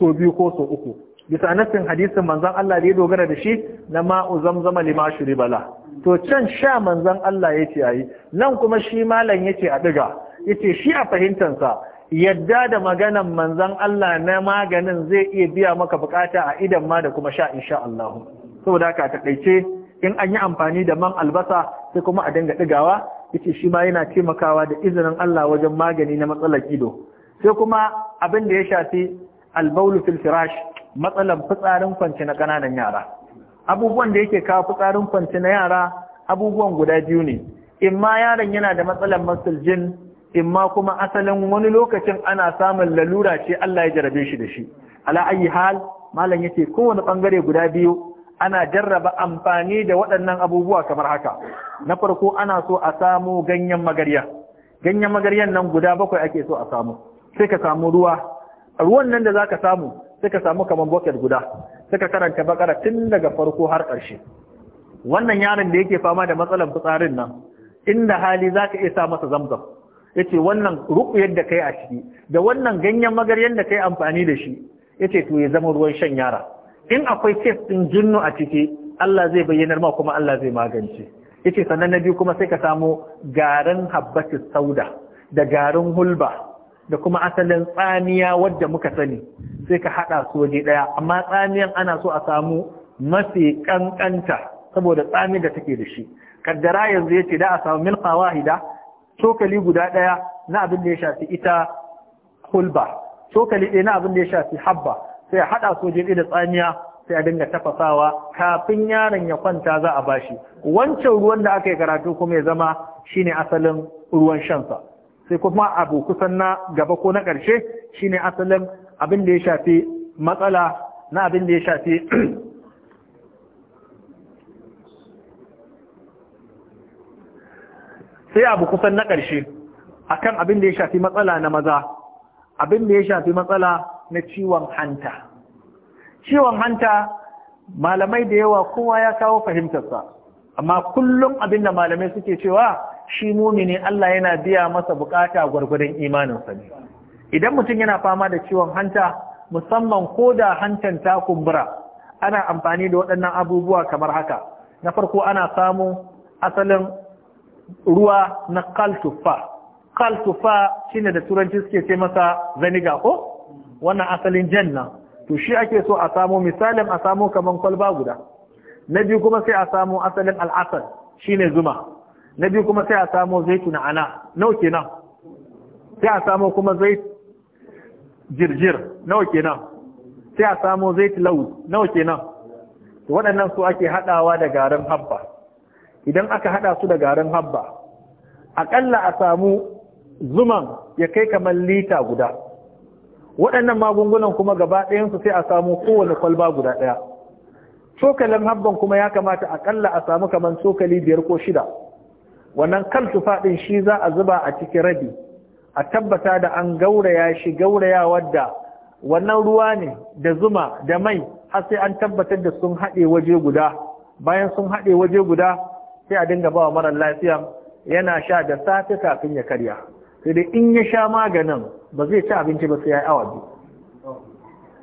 so biyu ko so uku bisa nassin hadisin manzon Allah da ya dogara da shi na ma'u zamzama lima bala. to can sha manzon Allah ce ayi nan kuma shi malam yace a diga yace shi a fahimtansa yadda da maganan manzon Allah na maganin zai iya biya maka bukata a idan ma da kuma sha insha Allah saboda haka takaice in an yi amfani da man albasa sai kuma a dinga digawa yace shi ma yana taimakawa da izinin Allah wajen magani na matsalar ido sai kuma abin da ya shafi albaulu fil firash matsalan fitsarin kwance na ƙananan yara abubuwan da yake kawo fitsarin kwance na yara abubuwan guda biyu ne imma yaron yana da matsalan masul jin imma kuma asalin wani lokacin ana samun lalura ce Allah ya jarabe shi da shi ala ayi hal malam yace kowane bangare guda biyu ana jarraba amfani da waɗannan abubuwa kamar haka na farko ana so a samu ganyen magarya ganyen magaryan nan guda bakwai ake so a samu sai ka samu ruwa ruwan nan da zaka samu sai ka samu kaman bucket guda sai ka karanta bakara tun daga farko har ƙarshe wannan yaron da yake fama da matsalar fitsarin nan inda hali zaka iya sa masa zamzam yace wannan ruku da kai a ciki da wannan ganyen magaryan da kai amfani da shi yace to ya zama ruwan shan yara in akwai kes din jinnu a ciki Allah zai bayyanar ma kuma Allah zai magance yace sannan na biyu kuma sai ka samu garin habbatis sauda da garin hulba da kuma asalin tsamiya wadda muka sani sai ka haɗa su waje ɗaya amma tsaniyan ana so a samu mafi ƙanƙanta saboda tsami da take da shi kaddara yanzu ya ce da a samu milka wahida cokali guda ɗaya na abin da ya shafi ita hulba cokali ɗaya na abin da ya shafi habba sai a haɗa su waje ɗaya da tsamiya sai a dinga tafasawa kafin yaron ya kwanta za a bashi wancan ruwan da aka yi karatu kuma ya zama shine asalin ruwan shansa sai kuma abu kusan na gaba ko na ƙarshe shine asalin abin da ya shafi matsala na abin da ya shafi sai abu kusan na ƙarshe akan abin da ya shafi matsala na maza abin da ya shafi matsala na ciwon hanta ciwon hanta malamai da yawa kowa ya kawo fahimtarsa amma kullum abin da malamai suke cewa shi mumini Allah yana biya masa bukata gwargwadon imaninsa ne idan mutum yana fama da ciwon hanta musamman ko da hantan ta kumbura ana amfani da waɗannan abubuwa kamar haka na farko ana samu asalin ruwa na kaltufa kaltufa shine da turanci suke ce masa zaniga ko wannan asalin janna to shi ake so a samu misalin a samu kamar kwalba guda na biyu kuma sai a samu asalin al'asal shine zuma na biyu kuma sai a samo zaitun ana nawa kenan sai a samo kuma zait jirjir nawa kenan sai a samo zait lau nawa kenan waɗannan su ake haɗawa da garin habba idan aka haɗa su da garin habba aƙalla a samu zuman ya kai kamar lita guda waɗannan magungunan kuma gaba ɗayansu sai a samu kowane kwalba guda ɗaya cokalin habban kuma ya kamata aƙalla a samu kamar cokali biyar ko shida wannan kaltufa faɗin shi za a zuba a cikin rabi a tabbata da an gauraya shi gauraya wadda wannan ruwa ne da zuma da mai har sai an tabbatar da sun haɗe waje guda bayan sun haɗe waje guda sai a dinga ba wa marar lafiya yana sha da safe kafin ya karya sai dai in ya sha maganin ba zai ci abinci ba sai ya yi awa biyu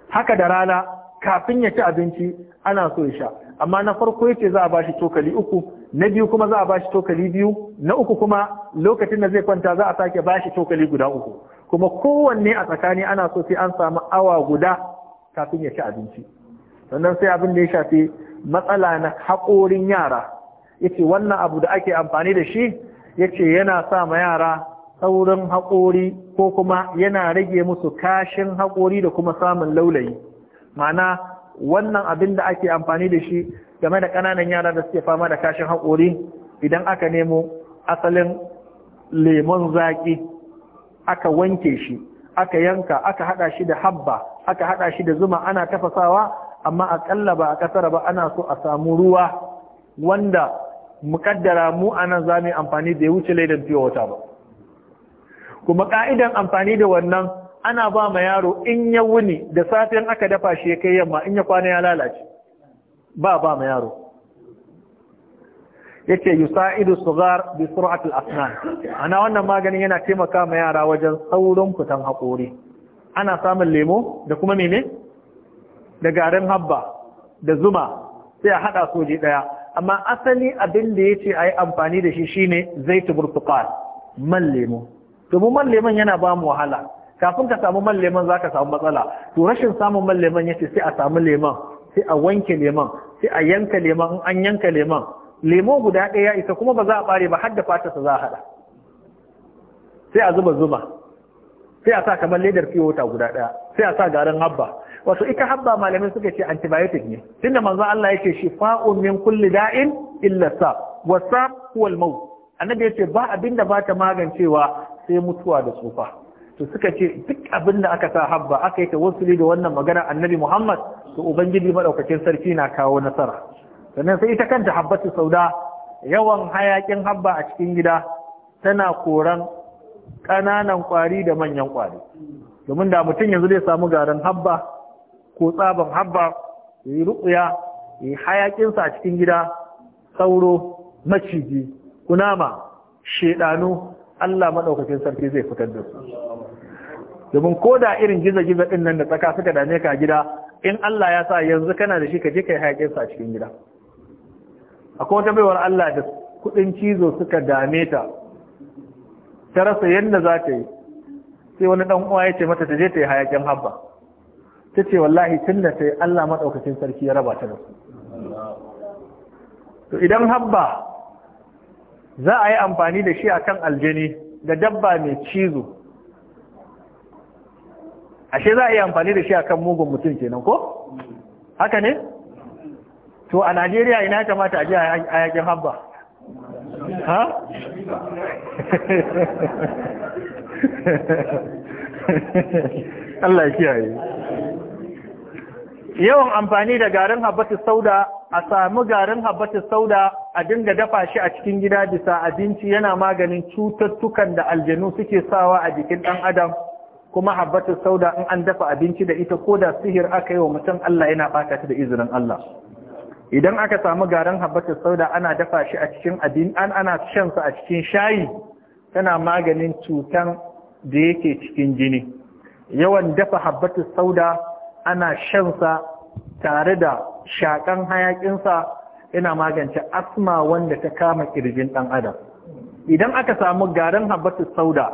haka da rana kafin ya ci abinci ana so ya sha amma na farko ya ce za a ba shi cokali uku na biyu kuma za a bashi tokali biyu na uku kuma lokacin da zai kwanta za a sake bashi tokali guda uku kuma kowanne a tsakani ana so sai an samu awa guda kafin ya ci abinci sannan sai abin da ya shafi matsala na haƙorin yara yace wannan abu da ake amfani da shi yace yana sa ma yara saurin haƙori ko kuma yana rage musu kashin haƙori da kuma samun laulayi ma'ana wannan abin da ake amfani da shi game da ƙananan yara da suke fama da kashin haƙori idan aka nemo asalin lemon zaƙi aka wanke shi aka yanka aka haɗa shi da habba aka haɗa shi da zuma ana tafasawa amma ƙalla ba a ƙasar ba ana so a samu ruwa wanda muƙaddara mu a nan za mu yi amfani da ya wuce laidan fiye wata ba kuma ƙa'idan amfani da wannan ana ba ma yaro in ya wuni da safiyan aka dafa shi ya kai yamma in ya kwana ya lalace ba ba ma yaro yace yusaidu sughar bi sur'ati al-asnan ana wannan maganin yana taimaka ma yara wajen saurin fitan hakori ana samun lemo da kuma meme da garin habba da zuma sai a hada soji daya amma asali abin da yace ayi amfani da shi shine zaitun burtuqal man lemo to man lemon yana ba mu wahala kafin ka samu man leman za ka samu matsala to rashin samun man leman ce sai a samu leman sai a wanke leman sai a yanka leman in an yanka leman lemo guda ɗaya ya isa kuma ba za a ɓare ba har da fata ta za a haɗa sai a zuba zuba sai a sa kamar ledar fiwo ta guda ɗaya sai a sa garin habba wato ita habba malamai suka ce antibiotic ne tunda manzo Allah yake shifa'un min kulli da'in illa sa wa sa huwa al-maut annabi yace ba abinda ba ta magancewa sai mutuwa da tsufa to suka ce duk abin da aka sa habba aka yi ta tawassuli da wannan magana annabi Muhammad to ubangiji madaukakin sarki na kawo nasara sannan sai ita kanta habbatu sauda yawan hayakin habba a cikin gida tana koran ƙananan kwari da manyan kwari domin da mutum yanzu zai samu garin habba ko tsaban habba yi ruƙuya yi hayakinsa a cikin gida sauro maciji kunama shedanu Allah maɗaukacin sarki zai fitar da su domin ko da irin gizo-gizo ɗin nan da tsaka suka dame ka gida in Allah ya sa yanzu kana da shi ka je ka yi haƙin a cikin gida akwai wata baiwar Allah da kuɗin cizo suka dame ta ta rasa yadda za ta yi sai wani ɗan uwa ya ce mata ta je ta yi haƙin habba ta ce wallahi tun da ta yi Allah maɗaukacin sarki ya raba ta da su to idan habba za a yi amfani da shi akan aljani da dabba mai cizo ashe za a yi amfani da shi a kan mugun mutum kenan ko haka ne to a Najeriya ina kamata a ji a yakin habba ha Allah kiyaye yawan amfani da garin habbatu sauda a samu garin habbatu sauda a dinga dafa shi a cikin gida bisa abinci yana maganin cututtukan da aljanu suke sawa a jikin ɗan adam kuma habbata sauda in an dafa abinci da ita ko da sihir aka yi wa mutum Allah yana baka ta da izinin Allah idan aka samu garin habbata sauda ana dafa shi a cikin abin an ana shan sa a cikin shayi tana maganin cutan da yake cikin jini yawan dafa habbatu sauda ana shan sa tare da shakan hayakin sa yana magance asma wanda ta kama kirjin dan adam idan aka samu garin habbata sauda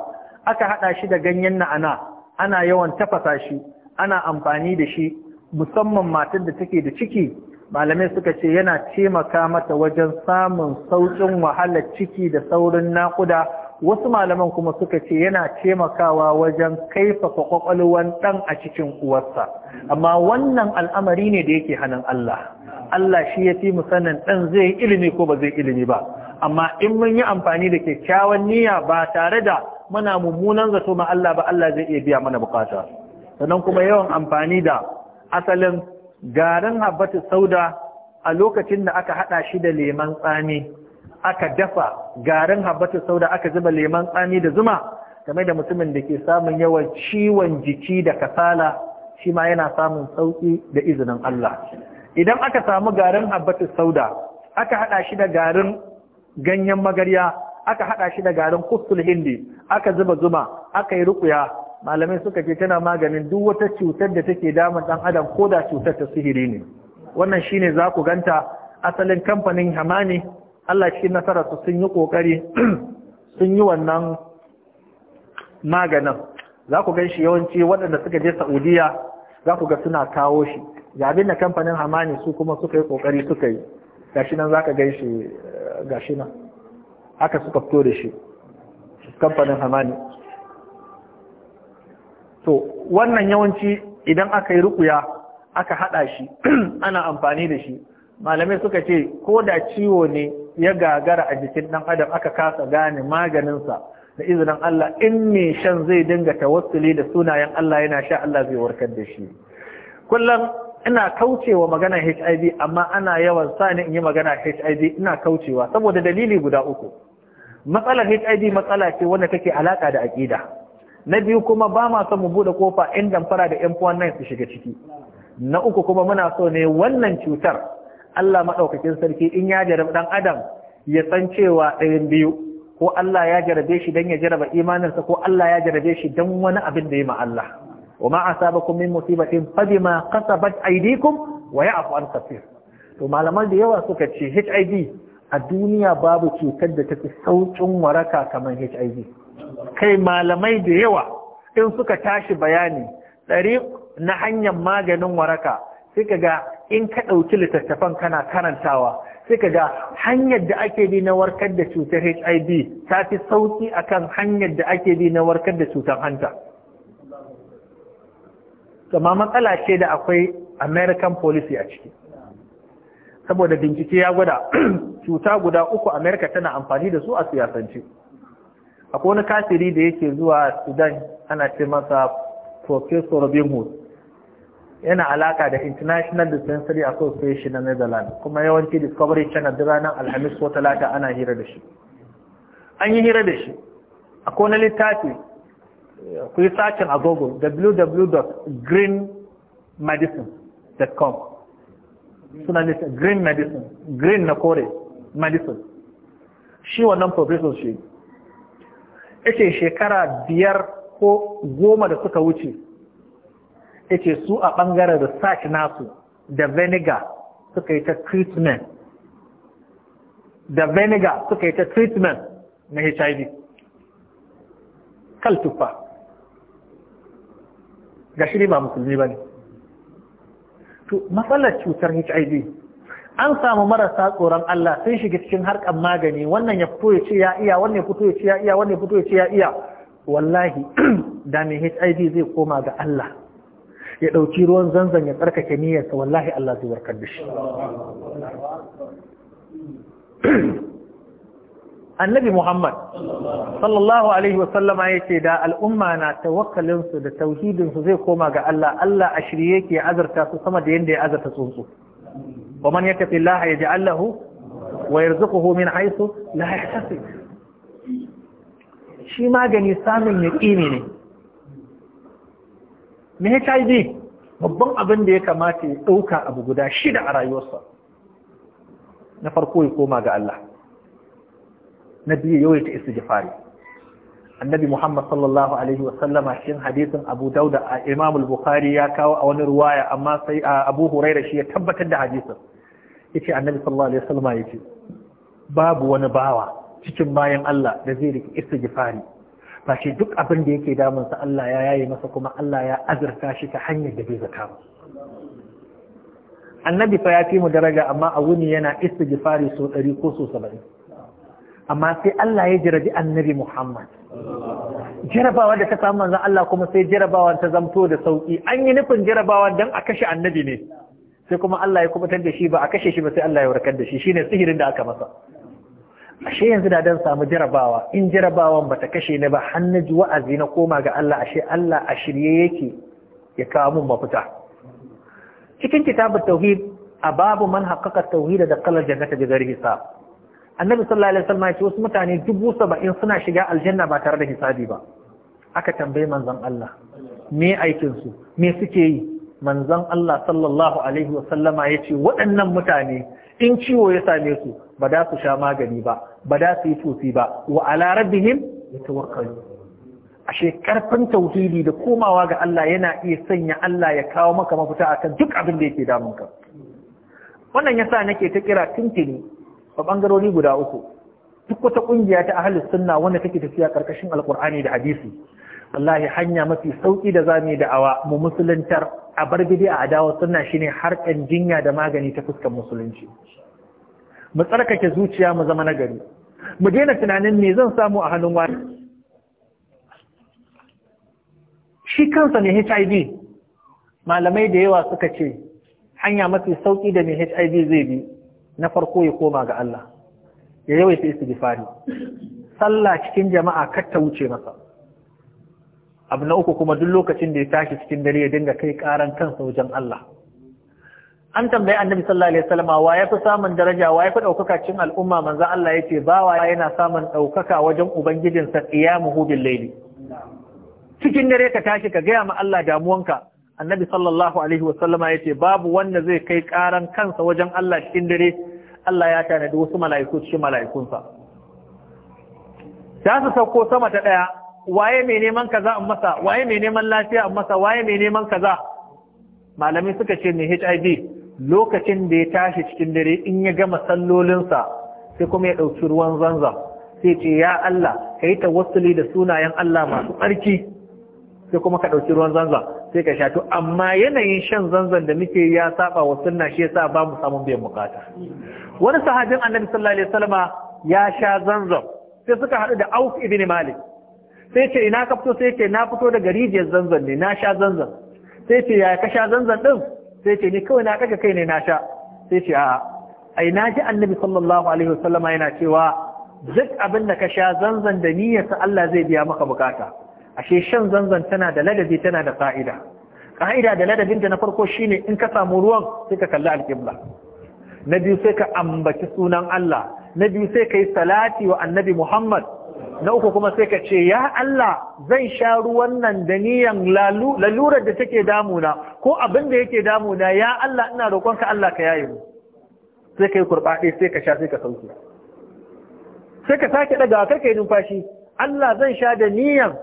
aka hada shi da ganyen na'ana ana yawan tafasa shi ana amfani da shi musamman matar da take da ciki malamai suka ce yana taimaka mata wajen samun sauƙin wahalar ciki da saurin naƙuda wasu malaman kuma suka ce yana taimakawa wajen kaifafa ƙwaƙwalwan ɗan a cikin uwarsa amma wannan al'amari ne da yake hannun Allah Allah shi ya fi musannin ɗan zai ilimi ko ba zai ilimi ba amma in mun yi amfani da kyakkyawan niyya ba tare da muna mummunan zato ma Allah ba Allah zai iya biya mana bukata sannan kuma yawan amfani da asalin garin habbatu sauda a lokacin da aka hada shi da leman tsami aka dafa garin habbatu sauda aka zuba lemon tsami da zuma game da mutumin da ke samun yawan ciwon jiki da kasala shi ma yana samun sauki da izinin Allah idan aka samu garin habbatu sauda aka hada shi da garin ganyen magarya aka hada shi da garin kustul hindi aka zuba zuma aka yi rukuya malamai suka ce tana maganin duk wata cutar da take dama dan adam ko da cutar ta sihiri ne wannan shine za ku ganta asalin kamfanin hamani Allah cikin nasararsu sun yi kokari sun yi wannan maganin za ku gan shi yawanci waɗanda suka je Saudiya za ku ga suna kawo shi ga abin da kamfanin hamani su kuma suka yi kokari suka yi gashi nan za ka gan shi eh, gashi nan haka suka fito da shi kamfanin hamani to wannan yawanci idan aka yi rukuya aka haɗa shi ana amfani da shi malamai suka ce ko da ciwo ne ya gagara a jikin ɗan adam aka kasa gane maganinsa da izinin Allah in mai shan zai dinga tawassuli da sunayen Allah yana sha Allah zai warkar da shi kullum ina kaucewa magana HIV amma ana yawan sa ni in yi magana HIV ina kaucewa saboda dalili guda uku matsalar HIV matsala ce wanda take alaka da aƙida na biyu kuma ba ma son mu buɗe kofa in damfara da yan 419 su shiga ciki na uku kuma muna so ne wannan cutar Allah maɗaukakin sarki in ya jarab ɗan adam ya san cewa ɗayan biyu ko Allah ya jarabe shi dan ya jaraba imaninsa ko Allah ya jarabe shi dan wani abin da ya ma Allah wa ma asabakum min musibatin fa bima kasabat aydikum wa ya'fu an kaseer to malaman da yawa suka ce HIV a duniya babu cutar da ta fi saukin waraka kamar HIV kai malamai da yawa in suka tashi bayani ɗari na hanyar maganin waraka suka ga in ka ɗauki littattafan kana karantawa suka ga hanyar da ake bi na warkar da cutar HIV ta fi sauki akan hanyar da ake bi na warkar da cutar hanta. Gama matsala ce da akwai American policy a ciki. saboda bincike ya gwada cuta guda uku amerika tana amfani da su a siyasance akwai wani kafiri da yake zuwa sudan ana ce masa professor robin hood yana alaka da international dispensary association na netherlands kuma yawanci discovery channel da ranar alhamis ko talata ana hira da shi an yi hira da shi akwai wani littafi ku yi sacin a google www.greenmedicine.com suna nisa green medicine green na kore medicine shi wannan professor shi yace shekara biyar ko goma da suka wuce yace su a bangaren research nasu da vinegar suka yi ta treatment da vinegar suka yi ta treatment na HIV kaltufa ga shi ba musulmi ba ne to matsalar cutar HIV an samu marasa tsoron Allah sun shiga cikin harkar magani wannan ya fito ya ce ya iya wannan ya fito ya ce ya iya wannan ya fito ya ce ya iya wallahi da mai HIV zai koma ga Allah ya ɗauki ruwan zanzan ya tsarkake niyyarsa wallahi Allah zai warkar da shi annabi Muhammad sallallahu alaihi ya yace da al'umma na tawakkalin su da tauhidin su zai koma ga Allah Allah a shirye yake azarta su sama da yanda ya azarta tsuntsu wa man yattaqi Allah yaj'al lahu wa yarzuquhu min haythu la yahtasib shi magani samun yaqini ne me HIV babban abin da ya kamata ya dauka abu guda shida a rayuwarsa na farko ya koma ga Allah na biyu yawaita istighfari annabi Muhammad sallallahu alaihi wasallama cikin hadisin Abu Dauda a Imam bukhari ya kawo a wani ruwaya amma sai a Abu Huraira shi ya tabbatar da hadisin yace annabi sallallahu alaihi wasallama yace babu wani bawa cikin bayan Allah da zai riki istighfari ba shi duk abin da yake damun sa Allah ya yayi masa kuma Allah ya azurta shi ta hanyar da bai zata ba annabi fa ya fi mu daraja amma a wuni yana istighfari so 100 ko so 70 amma sai Allah ya jarabi annabi Muhammad Jirabawa da ta samu manzan Allah kuma sai jirabawa ta zamto da sauƙi. an yi nufin jirabawa don a kashe annabi ne sai kuma Allah ya kubutar da shi ba a kashe shi ba sai Allah ya warkar da shi Shi ne sihirin da aka masa ashe yanzu da don samu jarabawa in jarabawan ta kashe ni ba ji wa'azi na koma ga Allah ashe Allah a shirye yake ya kawo mun mafita cikin kitabar tauhid a babu man haƙaƙa tauhid da kalar jannata da ghairi hisab annabi sallallahu alaihi wasallam ya ce wasu mutane dubu saba'in suna shiga aljanna ba tare da hisabi ba aka tambayi manzon Allah me aikin su me suke yi manzon Allah sallallahu alaihi wasallam ya ce waɗannan mutane in ciwo ya same su ba da su sha magani ba ba da su yi tofi ba wa ala rabbihim yatawakkalu A karfin tauhidi da komawa ga Allah yana iya sanya Allah ya kawo maka mafita akan duk abin da yake damun ka wannan yasa nake ta kira tuntuni a bangarori guda uku duk wata ƙungiya ta ahli sunna wanda take tafiya karkashin Alƙur'ani da hadisi wallahi hanya mafi sauki da zamu yi da'awa mu musuluntar a bar bid'a a dawo sunna shine harkan jinya da magani ta fuskar musulunci mu tsarkake zuciya mu zama nagari mu daina tunanin me zan samu a hannun wani shi kansa ne HIV malamai da yawa suka ce hanya mafi sauƙi da mai HIV zai bi na farko ya koma ga Allah ya yawaita istighfari sallah cikin jama'a kar ta wuce masa abu na uku kuma duk lokacin da ya tashi cikin dare ya dinga kai karan kansa wajen Allah an tambayi annabi sallallahu alaihi wasallam wa ya samun daraja wa ya daukaka cikin al'umma manzo Allah yace bawa yana samun daukaka wajen ubangijinsa qiyamuhu bil layli cikin dare ka tashi ka gaya ma Allah damuwanka annabi sallallahu alaihi wasallama ya ce babu wanda zai kai karan kansa wajen Allah cikin dare Allah ya tanadi wasu mala'iku cikin mala'ikunsa Ta su sauko sama ta ɗaya waye mai neman kaza in masa waye mai neman lafiya in masa waye mai neman kaza malami suka ce mai HIV lokacin da ya tashi cikin dare in ya gama sallolinsa sai kuma ya ɗauki ruwan zanza sai ce ya Allah ka yi wasuli da sunayen Allah masu tsarki sai kuma ka ɗauki ruwan zanza sai ka sha to amma yanayin shan zanzan da muke ya saba wa sunna shi yasa ba mu samun biyan bukata wani sahabin annabi sallallahu alaihi wasallama ya sha zanzan sai suka haɗu da Auf ibn Malik sai ce ina ka fito sai ce na fito daga rijiyar zanzan ne na sha zanzan sai ce ya ka sha zanzan din sai ce ni kawai na kaga kai ne na sha sai ce a ai na ji annabi sallallahu alaihi wasallama yana cewa duk abin da ka sha zanzan da niyyarsa Allah zai biya maka bukata ashe shan zanzan tana da ladabi tana da fa'ida ƙa'ida da ladabin da na farko shine in ka samu ruwan sai ka kalli alqibla na biyu sai ka ambaci sunan Allah na biyu sai ka salati wa annabi Muhammad na uku kuma sai ka ce ya Allah zan sha ruwan nan da niyan lalurar da take damuna ko abin da yake damuna ya Allah ina roƙonka Allah ka yaye sai ka yi sai ka sha sai ka sauke sai ka sake ɗaga kai ka yi numfashi Allah zan sha da niyan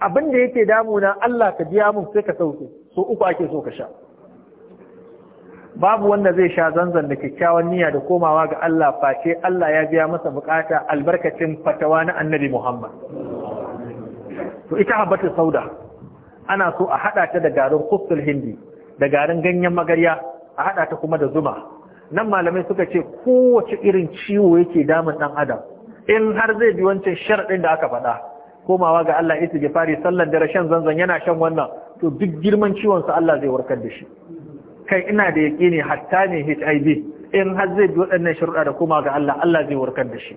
abin da yake damuna Allah ka biya mun sai ka sauke so uku ake so ka sha babu wanda zai sha zanzan da kyakkyawan niyya da komawa ga Allah face Allah ya biya masa bukata albarkacin fatawa na annabi Muhammad to ita habbatu sauda ana so a hada ta da garin kuftul hindi da garin ganyen magarya a hada ta kuma da zuma nan malamai suka ce kowace irin ciwo yake damun dan adam in har zai bi wancan sharadin da aka faɗa komawa ga Allah istighfari sallar dare shan zanzan yana shan wannan to duk girman ciwon sa Allah zai warkar da shi kai ina da ne hatta ne HIV in har zai bi waɗannan sharuɗa da komawa ga Allah Allah zai warkar da shi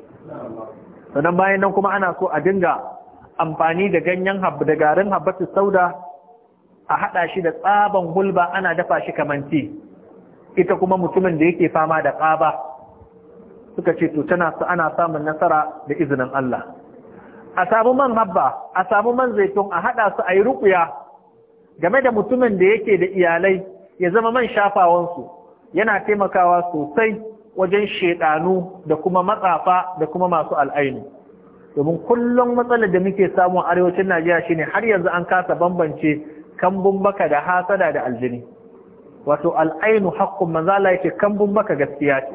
sannan bayan nan kuma ana so a dinga amfani da ganyen habba da garin ta sauda a haɗa shi da tsaban hulba ana dafa shi kaman ti ita kuma mutumin da yake fama da tsaba, suka ce to tana ana samun nasara da izinin Allah a samu man habba a samu man zaitun a haɗa su a yi rukuya game da mutumin da yake da iyalai ya zama man shafawansu yana taimakawa sosai wajen shaidanu da kuma matsafa da kuma masu al'aini. domin kullum matsalar da muke samu a arewacin najeriya shine har yanzu an kasa bambance kambun baka da hasada da aljini wato al'ainu hakkun manzala yake kambun baka gaskiya ce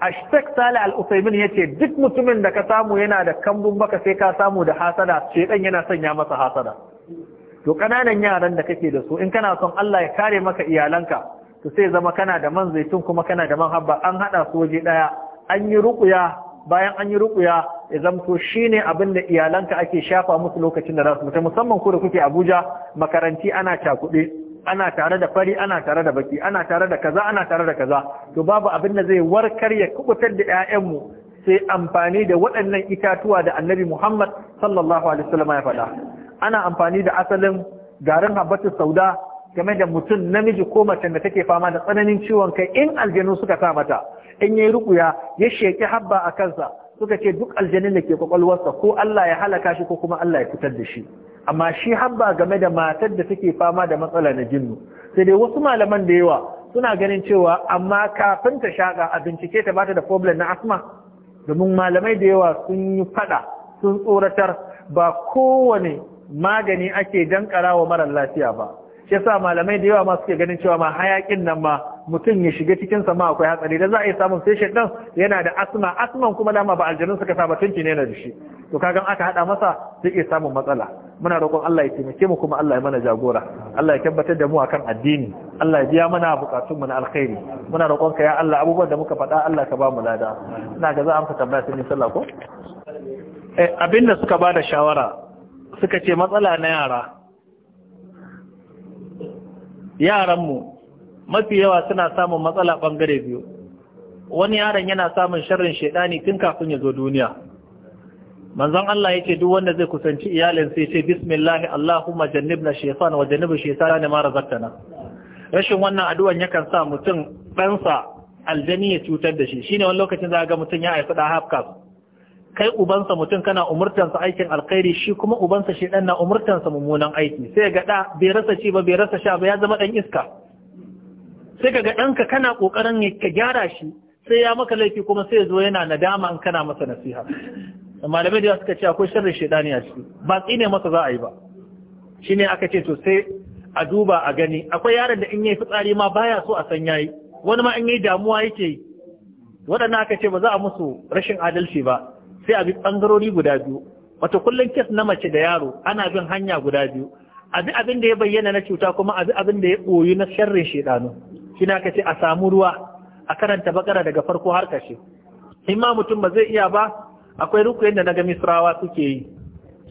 ashtek sale al-usaimin ya ce duk mutumin da ka samu yana da kambun baka sai ka samu da hasada ɗan yana sanya masa hasada to kananan yaran da kake da su in kana son Allah ya kare maka iyalanka to sai zama kana da man zaitun kuma kana da man habba an haɗa su waje daya an yi ruqya bayan an yi ruqya ya zamto shine abin da iyalanka ake shafa musu lokacin da za su musamman ku da kuke Abuja makaranti ana cakuɗe ana tare da fari ana tare da baki ana tare da kaza ana tare da kaza to babu abin da zai warkar ya kubutar da ƴaƴanmu sai amfani da waɗannan itatuwa da annabi Muhammad sallallahu alaihi wasallam ya faɗa ana amfani da asalin garin habbatu sauda game da mutum namiji ko mace da take fama da tsananin ciwon kai in aljanu suka sa mata in yayi rukuya ya sheki habba a kansa suka ce duk aljanin da ke kwakwalwarsa ko Allah ya halaka shi ko kuma Allah ya fitar da shi amma shi habba game da matar da take fama da matsala na jinnu sai dai wasu malaman da yawa suna ganin cewa amma kafin ta shaka a bincike ta bata da problem na asma domin malamai da yawa sun yi fada sun tsoratar ba kowane magani ake dankara wa marar lafiya ba shi yasa malamai da yawa ma suke ganin cewa ma hayakin nan ma mutum ya shiga cikin sa ma akwai hatsari da za a yi samun sai shaidan yana da asma asman kuma dama ba aljanun suka saba tunci ne na to kagan aka hada masa sai iya samun matsala muna roƙon Allah ya taimake mu kuma Allah ya mana jagora Allah ya tabbatar da mu akan addini Allah ya biya mana bukatun mu na alkhairi muna roƙon ka ya Allah abubuwan da muka faɗa Allah ka ba mu lada ina ga za a amsa tambaya sun yi sallah ko eh abinda suka bada shawara suka ce matsala na yara yaran mu mafi yawa suna samun matsala bangare biyu wani yaron yana samun sharrin shedani tun kafin ya zo duniya manzon Allah yace duk wanda zai kusanci iyalin sai ce bismillah Allahumma jannibna shaytan wa jannibu shaytana mara razaqtana rashin wannan addu'an yakan sa mutum sa aljani ya cutar da shi shine wani lokacin za ga mutum ya haifi da hafka. kai ubansa mutum kana sa aikin alkhairi shi kuma ubansa shi ɗan na sa mummunan aiki sai ga ɗa bai rasa ci ba bai rasa sha ba ya zama dan iska sai ga ɗanka kana ƙoƙarin ka gyara shi sai ya maka laifi kuma sai ya zo yana nadama in kana masa nasiha malamai da suka ce akwai sharri shaidani a ciki ba tsine masa za a yi ba shine aka ce to sai a duba a gani akwai yaron da in yayi fitsari ma baya so a san yayi wani ma in yayi damuwa yake waɗannan aka ce ba za a musu rashin adalci ba sai a bi bangarori guda biyu wato kullum kes na mace da yaro ana bin hanya guda biyu a bi abin da ya bayyana na cuta kuma a bi abin da ya boyi na sharrin shaidanu shi aka ce a samu ruwa a karanta bakara daga farko har kashe in mutum ba zai iya ba akwai rukuyin da na ga misrawa suke yi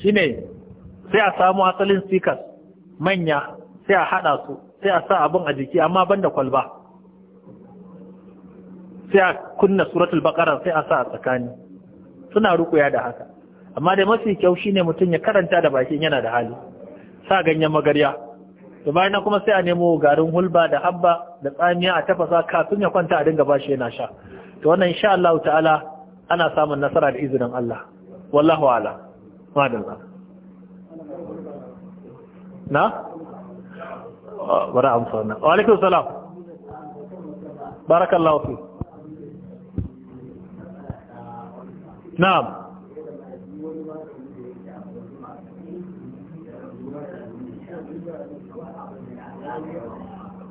Shi ne, sai a samu asalin sikas manya sai a haɗa su sai a sa abin a jiki amma ban da kwalba sai a kunna suratul bakara sai a sa a tsakani suna rukuya da haka amma da mafi kyau shine mutum ya karanta da bakin yana da hali sa ganyen magarya da bayan kuma sai a nemo garin hulba da habba da tsamiya a tafasa kafin ya kwanta a dinga bashi yana sha to wannan insha Allah ta'ala ana samun nasara da izinin Allah wallahu ala madalla na bara amfana wa alaikum salam barakallahu fi na'am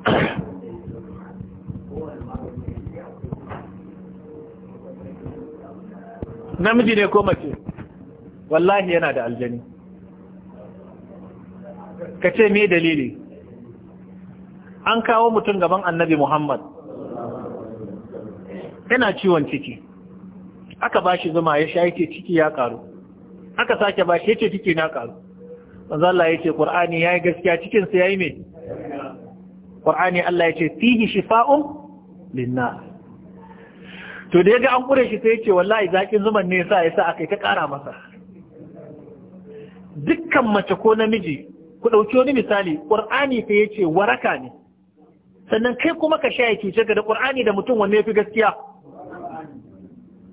Thank you. namiji ne ko mace wallahi yana da aljani ka ce me dalili an kawo mutum gaban annabi muhammad yana ciwon ciki aka ba shi zuma ya sha yake ciki ya karu aka sake ba shi yake ciki na karu ya Allah yace ya yi gaskiya cikin ya yi mai Ƙur'ani Allah ya ce fihi shifa'un linnas to da ya ga an ƙure shi sai ce wallahi zakin zuman ne sa ya sa aka ta kara masa dukkan mace ko namiji ku ɗauki wani misali ƙur'ani sai yace waraka ne sannan kai kuma ka sha ki cuce ka da ƙur'ani da mutum wanne yafi gaskiya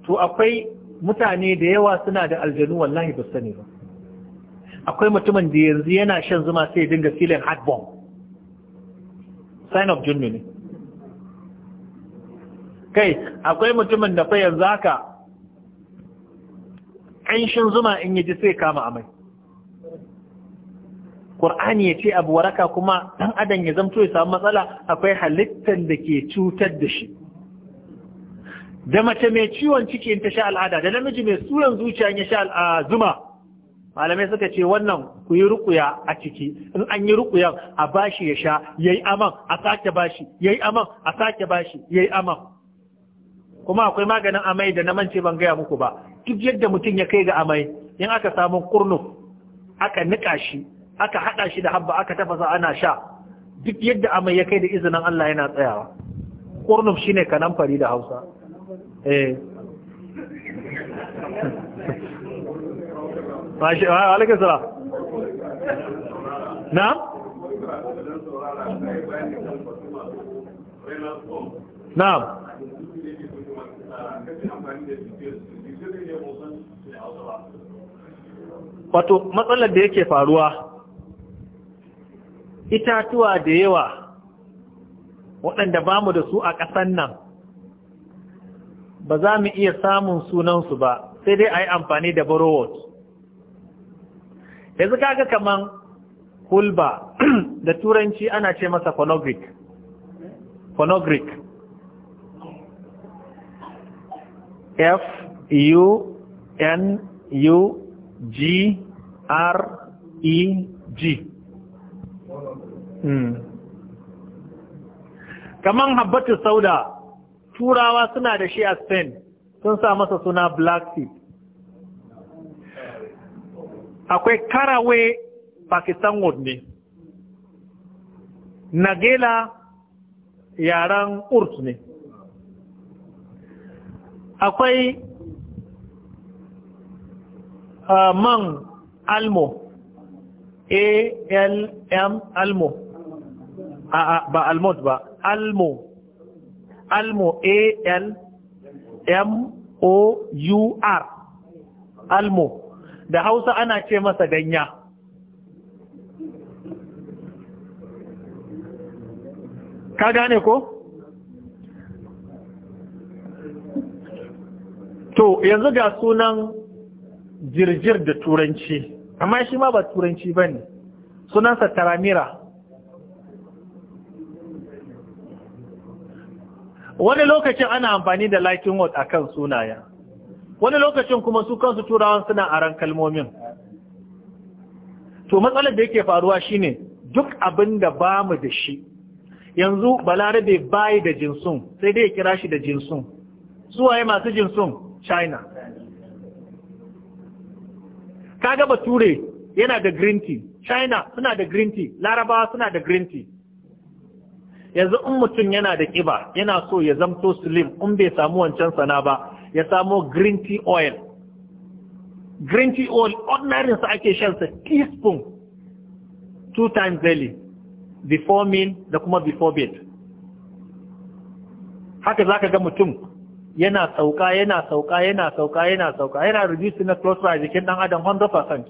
to akwai mutane da yawa suna da aljanu wallahi ba sani ba akwai mutumin da yanzu yana shan zuma sai dinga filin hard bomb sign of jinnu ne kai akwai mutumin da fa za haka ƙanshin zuma in yi ji sai kama amai ƙur'ani ya ce abu waraka kuma ɗan adam ya zamto ya samu matsala akwai halittar da ke cutar da shi da mace mai ciwon ciki in ta sha al'ada da namiji mai suran zuciya ya sha zuma malamai suka ce wannan ku yi rukuya a ciki in an yi rukuya a bashi ya sha yayi aman a sake bashi yayi aman a sake bashi yayi aman kuma akwai maganin amai da na mance ban gaya muku ba duk yadda mutum ya kai ga amai in aka samu kurnuf aka nika shi aka hada shi da habba aka tafasa ana sha duk yadda amai ya kai da izinin Allah yana tsayawa kurnuf shine kanan fari da Hausa eh Mashi wa alaikum salam Na'am Na'am wato matsalar da yake faruwa itatuwa da yawa waɗanda ba mu da su a ƙasan nan ba za mu iya samun sunansu ba sai dai a yi amfani da borowot yanzu kaga kaman hulba da turanci ana ce masa phonogric phonogric f u n u G R E G hmm. kaman habbatu sauda turawa suna da shi a Spain sun sa masa suna black seed akwai karawe Pakistan wood ne nagela yaren urt ne akwai Uh, man almo A-L-M, almo ah, ah, ba almot ba almo almo A-L-M-O-U-R, almo da hausa ana ce masa ganya ka gane ko? to yanzu ga sunan jirjir da turanci amma shi ma ba turanci ba ne sunansa taramira wani lokacin ana amfani da latin word a kan sunaya wani lokacin kuma su kansu turawan suna ran kalmomin to matsalar da yake faruwa shine duk abin da ba mu da shi yanzu balarabe bai da jinsun sai dai ya kira shi da jinsun suwaye masu jinsun china kaga bature yana da green tea china suna da green tea larabawa suna da green tea yanzu in mutum yana da kiba yana so ya zamto slim in bai samu wancan sana ba ya samo green tea oil green tea oil ordinary sa ake shan sa teaspoon two times daily before meal da kuma before bed haka zaka ga mutum yana sauka yana sauka yana sauka yana sauka yana reduce na close a jikin dan adam 100%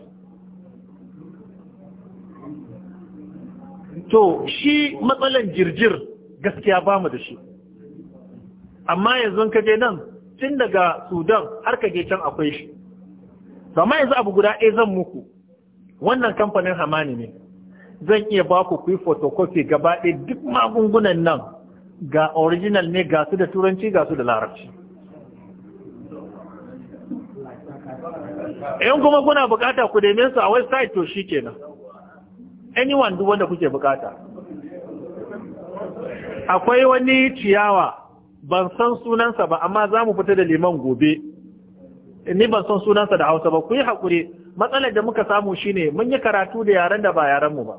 to shi matsalan jirjir gaskiya ba mu da shi amma yanzu kaje nan tun daga sudan har ka je can akwai shi amma yanzu abu guda ɗaya zan muku wannan kamfanin hamani ne zan iya ba ku kuyi photocopy gaba ɗaya duk magungunan nan ga original ne ga su da turanci ga su da larabci in kuma kuna bukata ku neme su a website to shi kenan anyone duk wanda kuke bukata akwai wani ciyawa ban san sunansa ba amma za mu fita da liman gobe ni ban san sunansa da hausa ba ku yi haƙuri matsalar da muka samu shine mun yi karatu da yaren da ba mu ba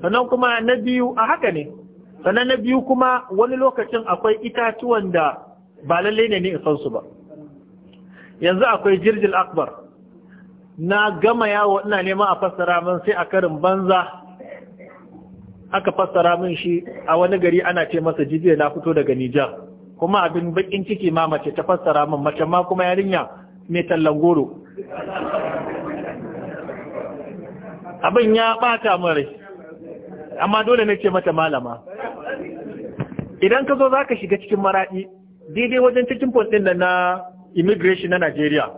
sannan kuma na biyu a haka ne sannan na biyu kuma wani lokacin akwai itatuwan da ba lalle ne ne san su ba yanzu akwai jirgin akbar na gama yawo ina nema a fassara min sai a karin banza aka fassara min shi a wani gari ana ce masa jibiya na fito daga Nijar kuma abin bakin ciki ma mace ta fassara min mace ma kuma yarinya mai tallan goro abin ya bata min amma dole na ce mata malama idan ka zo za ka shiga cikin maraɗi daidai wajen cikin ɗin na immigration na Najeriya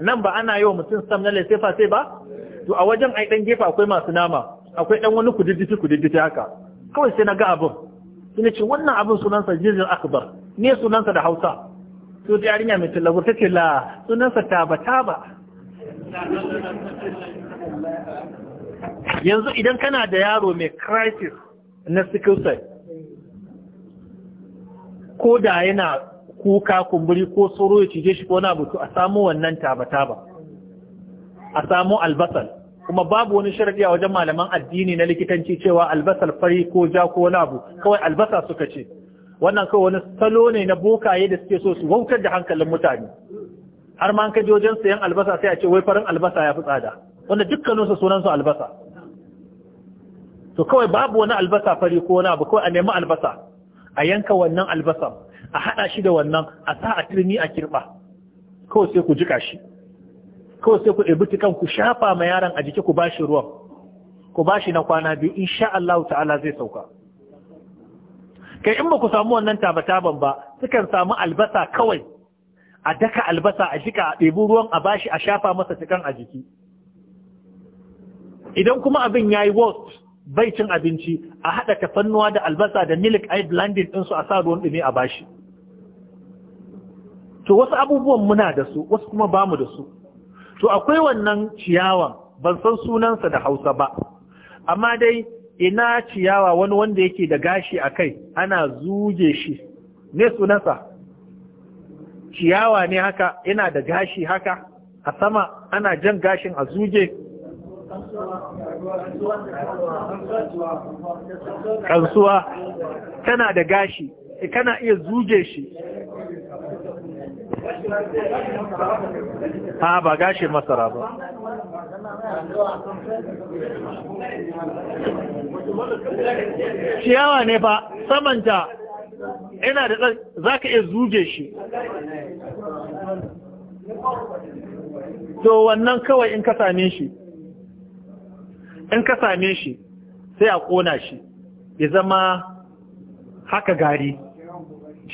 nan ba ana yi wa mutum sam na lesefa sai ba to a wajen ai ɗan gefa akwai masu nama akwai ɗan wani kudidditi kudidditi haka kawai sai na ga abin sun ce wannan abin sunansa jirgin akbar ne sunansa da hausa to da yarinya mai tallabur ta ce la sunansa taba taba yanzu idan kana da yaro mai crisis na sickle cell ko da yana kuka kumburi ko tsoro ya cije shi ko na butu a samu wannan taba-taba a samu albasal kuma babu wani sharadi a wajen malaman addini na likitanci cewa albasal fari ko ja ko wani abu kawai albasa suka ce wannan kawai wani salo ne na bokaye da suke so su wautar da hankalin mutane har ma an kaji wajen sayan albasa sai a ce wai farin albasa ya fi tsada wanda dukkaninsu sunansu albasa to kawai babu wani albasa fari ko wani abu kawai a nemi albasa a yanka wannan albasan, a haɗa shi da wannan a sa a turmi a kirɓa kawai sai ku jika shi kawai sai ku ɗabi ku shafa ma yaron a jiki ku ba shi ruwan ku ba shi na kwana biyu insha Allah ta'ala zai sauka kai in ba ku samu wannan tabataban ba sukan samu albasa kawai a daka albasa a jika a ɗebi ruwan a bashi a shafa masa cikan a jiki idan kuma abin ya yi worst bai cin abinci a haɗa tafannuwa da albasa da milik aid landing ɗinsu a sa ruwan ɗumi a bashi to wasu abubuwan muna da su wasu kuma ba mu da su to akwai wannan ciyawa ban san sunansa da hausa ba amma dai ina ciyawa wani wanda yake da gashi a kai ana zuge shi ne sunansa ciyawa ne haka ina da gashi haka a sama ana jan gashin a zuge kansuwa tana da gashi eh, kana iya zuje shi ha ba gashi masara ba ciyawa ne ba samanta ina da za ka iya zuje shi to wannan kawai in ka same shi in ka same shi sai a kona shi ya zama haka gari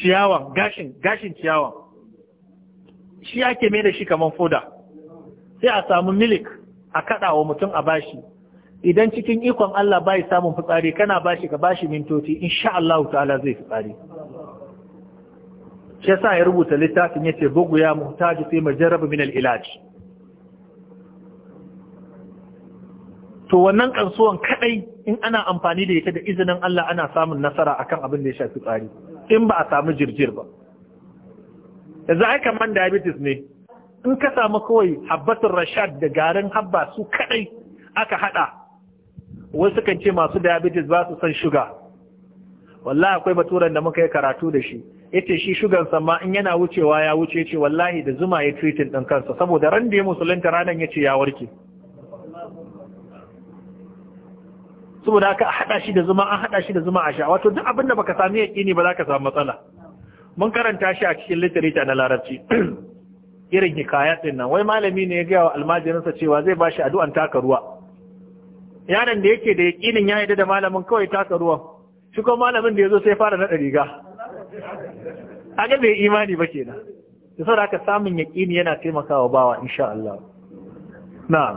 ciyawan gashin gashin ciyawan shi ake mai da shi kamar foda sai a samu milik a kaɗa mutum a bashi idan cikin ikon Allah bai samun fitsari kana bashi ka bashi mintoci insha Allah ta'ala zai fitsari shi yasa ya rubuta littafin yace bugu ya muhtaji sai majarrab min al-ilaj to wannan karsuwan kadai in ana amfani da ita da izinin Allah ana samun nasara akan abin da ya shafi tsari in ba a samu jirjir ba yanzu ai kaman diabetes ne in ka samu kawai habbatul rashad da garin habba su kadai aka hada wai sukan ce masu diabetes ba su san shuga wallahi akwai baturan da muka yi karatu da shi yace shi shugan sama in yana wucewa ya wuce yace wallahi da zuma ya treating din kansa saboda ran da ya musulunta ranan yace ya warke saboda haka a hada shi da zuma an haɗa shi da zuma a sha wato duk abin baka sami yaƙini ba za ka samu matsala mun karanta shi a cikin literature na larabci irin hikaya din nan wai malami ne ya ga wa almajirinsa cewa zai ba bashi addu'an taka ruwa yaron da yake da yaƙinin ya yadda da malamin kawai taka ruwa shi ko malamin da zo sai fara nada riga A ga bai imani ba kenan da saboda haka samun yaƙini yana taimakawa bawa insha Allah na'am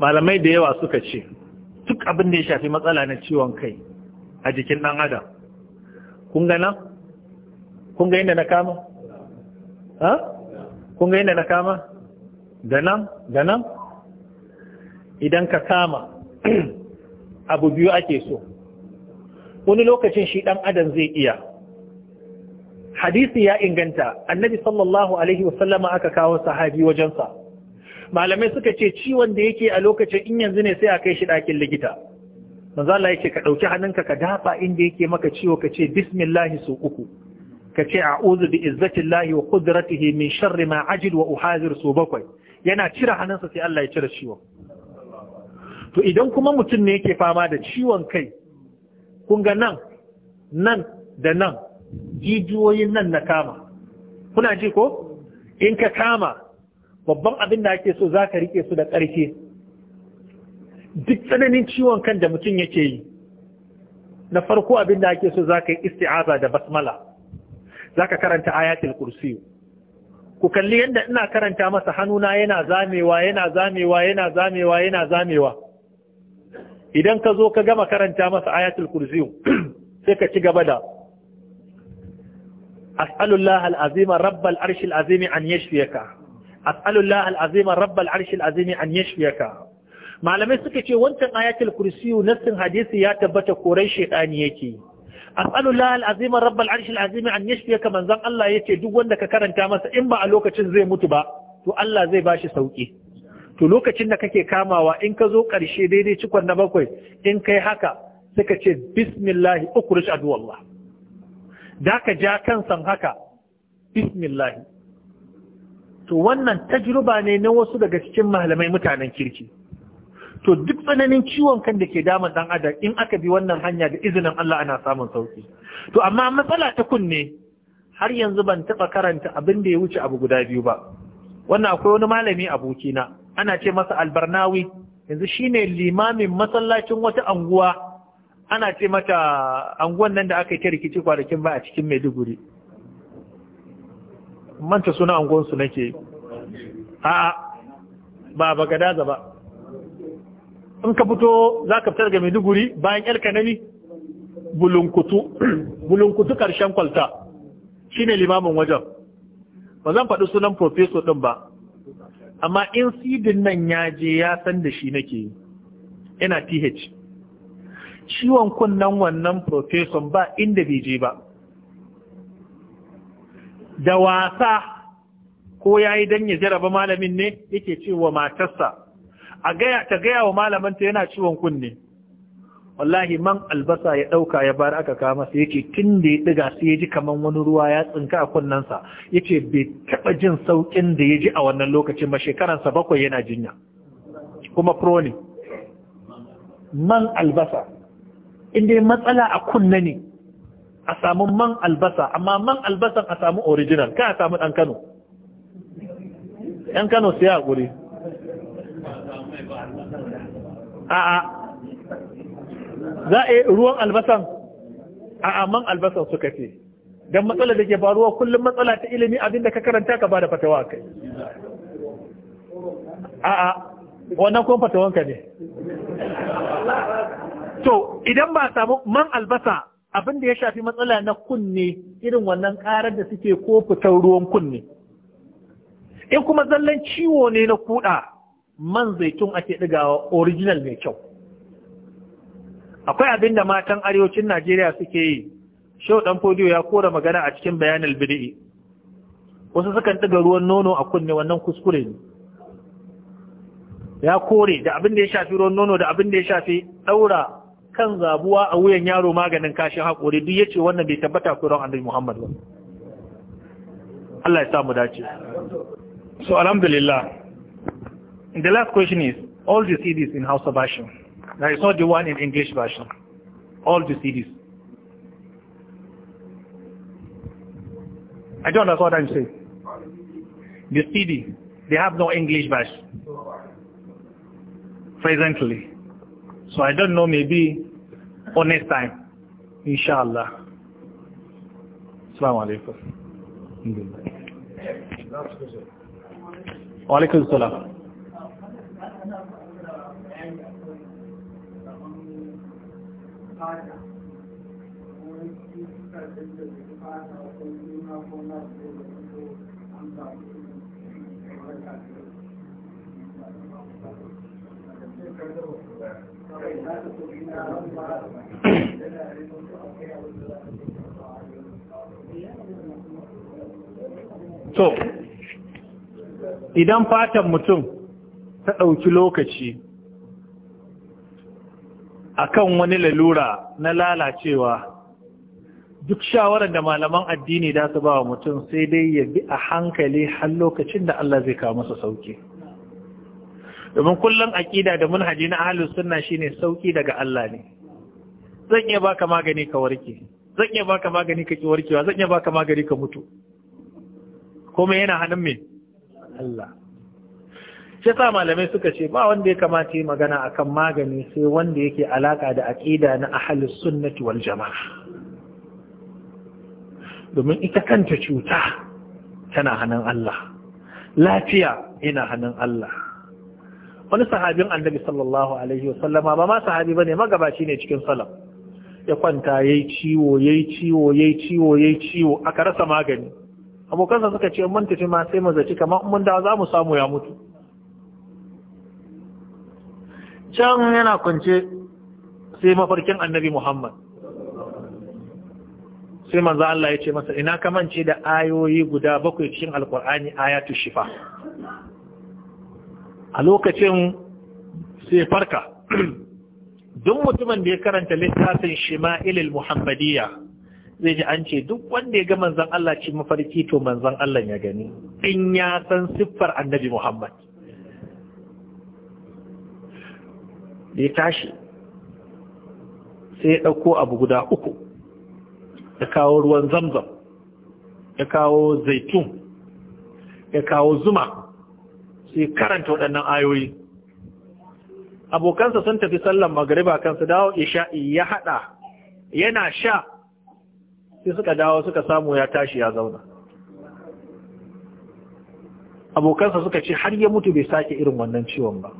malamai da yawa suka ce duk abin da ya shafi matsala na ciwon kai a jikin ɗan adam kun ga nan kun ga inda na kama ha kun ga inda na kama da nan da nan idan ka kama abu biyu ake so wani lokacin shi ɗan adam zai iya hadisi ya inganta annabi sallallahu alaihi wasallama aka kawo sahabi wajensa malamai suka ce ciwon da yake a lokacin in yanzu ne sai a kai shi ɗakin likita manzo Allah yake ka ɗauki hannunka ka dafa inda yake maka ciwo ka ce bismillah su uku ka ce a'udhu bi izzatillahi wa qudratihi min sharri ma ajil wa uhazir su bakwai yana cire hannunsa sai Allah ya cire ciwon to idan kuma mutum ne yake fama da ciwon kai kun ga nan nan da nan jijiyoyin nan na kama kuna ji ko in ka kama babban abin da ake so za ka rike su da ƙarfi duk tsananin ciwon kan da mutum yake yi na farko abin da ake so za ka yi isti'aza da basmala za ka karanta ayatul kursi ku kalli yadda ina karanta masa hannuna yana zamewa yana zamewa yana zamewa yana zamewa idan ka zo ka gama karanta masa ayatul kursi sai ka ci gaba da as'alullah al'azima rabbal arshil azim an yashfiyaka as'alullah al'azim rabbal arshil azim an yashfiyaka malamai suka ce wancan ayatul kursi nassin hadisi ya tabbata korai shedani yake as'alullah al'azim rabbal arshil azim an yashfiyaka manzon Allah yace duk wanda ka karanta masa in ba a lokacin zai mutu ba to Allah zai bashi sauki to lokacin da kake kamawa in ka zo ƙarshe daidai cikon na bakwai in kai haka suka ce bismillahi ukurish Allah." da ka ja kansan haka bismillahi to wannan tajruba ne na wasu daga cikin malamai mutanen kirki to duk tsananin ciwon kan da ke damun dan adam in aka bi wannan hanya da izinin Allah ana samun sauki to amma matsala ta kunne har yanzu ban taba karanta abin da ya wuce abu guda biyu ba wannan akwai wani malami abokina ana ce masa albarnawi yanzu shine limamin masallacin wata anguwa ana ce mata anguwan nan da aka yi ta rikici kwanakin ba a cikin Maiduguri manta suna angonsu nake a ba ba gadaza ba in ka fito za ka fitar ga maiduguri bayan yar kanani bulunkutu bulunkutu karshen kwalta Shi ne limamin wajen ba zan faɗi sunan profeso ɗin ba amma in sidin nan ya je ya san da shi nake ina th ciwon kunnen wannan profeson ba inda bai je ba da wasa ko ya yi don ya jaraba malamin ne yake cewa matarsa a gaya ta gaya wa malamanta yana ciwon kunne wallahi man albasa ya ɗauka ya bar aka kama sai yake tun da ya ɗiga sai ya ji kamar wani ruwa ya tsinka a kunnensa yace bai taɓa jin sauƙin da ya ji a wannan lokacin ba shekaransa bakwai yana jinya kuma proni man albasa inda matsala a kunne ne a samu man albasa amma man albasan a samu original ka a samu ɗan kano ɗan kano sai a guri a'a za a yi ruwan albasan a'a man albasan suka fi don matsala da ke faruwa kullum matsala ta ilimi abinda ka karanta ka ba da fatawa kai a'a wannan kuma fatawanka ne to idan ba samu man albasa abin da ya shafi matsala na kunne irin wannan karar da suke ko fitar ruwan kunne in kuma zallan ciwo ne na kuɗa man zaitun ake ɗigawa original mai kyau akwai abin da matan arewacin najeriya suke yi shau ɗan fodiyo ya kora magana a cikin bayanin bidi'i wasu sukan ɗiga ruwan nono a kunne wannan kuskure ne ya kore da abin da ya shafi ruwan nono da abin da ya shafi ɗaura kan zabuwa a wuyan yaro maganin kashin haƙori duk yace wannan bai tabbata ku ran annabi Muhammad ba Allah ya sa mu dace so alhamdulillah the last question is all the CDs in Hausa version there is not the one in English version all the CDs I don't understand what I'm saying the CD they have no English version presently. So I don't know, maybe for next time inshallah assalamu alaikum wa alaikum salam Thank you. to idan fatan mutum ta ɗauki lokaci akan wani lalura na lalacewa duk shawarar da malaman addini da su ba wa mutum sai dai ya bi a hankali har lokacin da Allah zai kawo masa sauki. domin kullum aƙida da manhaji na suna sunna shine sauki daga Allah ne zan iya baka magani ka warke zan iya baka magani ka ki warkewa zan iya baka magani ka mutu kuma yana hannun me Allah shi sa malamai suka ce ba wanda ya kamata yi magana akan magani sai wanda yake alaka da aƙida na ahlus sunnati wal jama'a domin ita kanta cuta tana hannun Allah lafiya ina hannun Allah wani sahabin annabi sallallahu alaihi wasallama ba ma sahabi bane magabaci ne cikin salaf ya kwanta yayi ciwo yayi ciwo yayi ciwo yayi ciwo aka rasa magani abokansa suka ce mun tafi ma sai mu zaci kamar mun da za mu samu ya mutu can yana kwance sai mafarkin annabi Muhammad sai manzo Allah ya ce masa ina kamance da ayoyi guda bakwai cikin alkur'ani ayatu shifa a lokacin sai farka duk mutumin da ya karanta littafin shima'ilil muhammadiyya zai ji an ce duk wanda ya ga manzan Allah ci mafarki to manzan Allah ya gani in ya san siffar annabi Muhammad da ya tashi sai ya ɗauko abu guda uku ya kawo ruwan zamzam ya kawo zaitun ya kawo zuma sai karanta waɗannan ayoyi abokansa sun tafi sallan magariba kansu dawo isha ya haɗa yana sha sai suka dawo suka samu ya tashi ya zauna abokansa suka ce har ya mutu bai sake irin wannan ciwon ba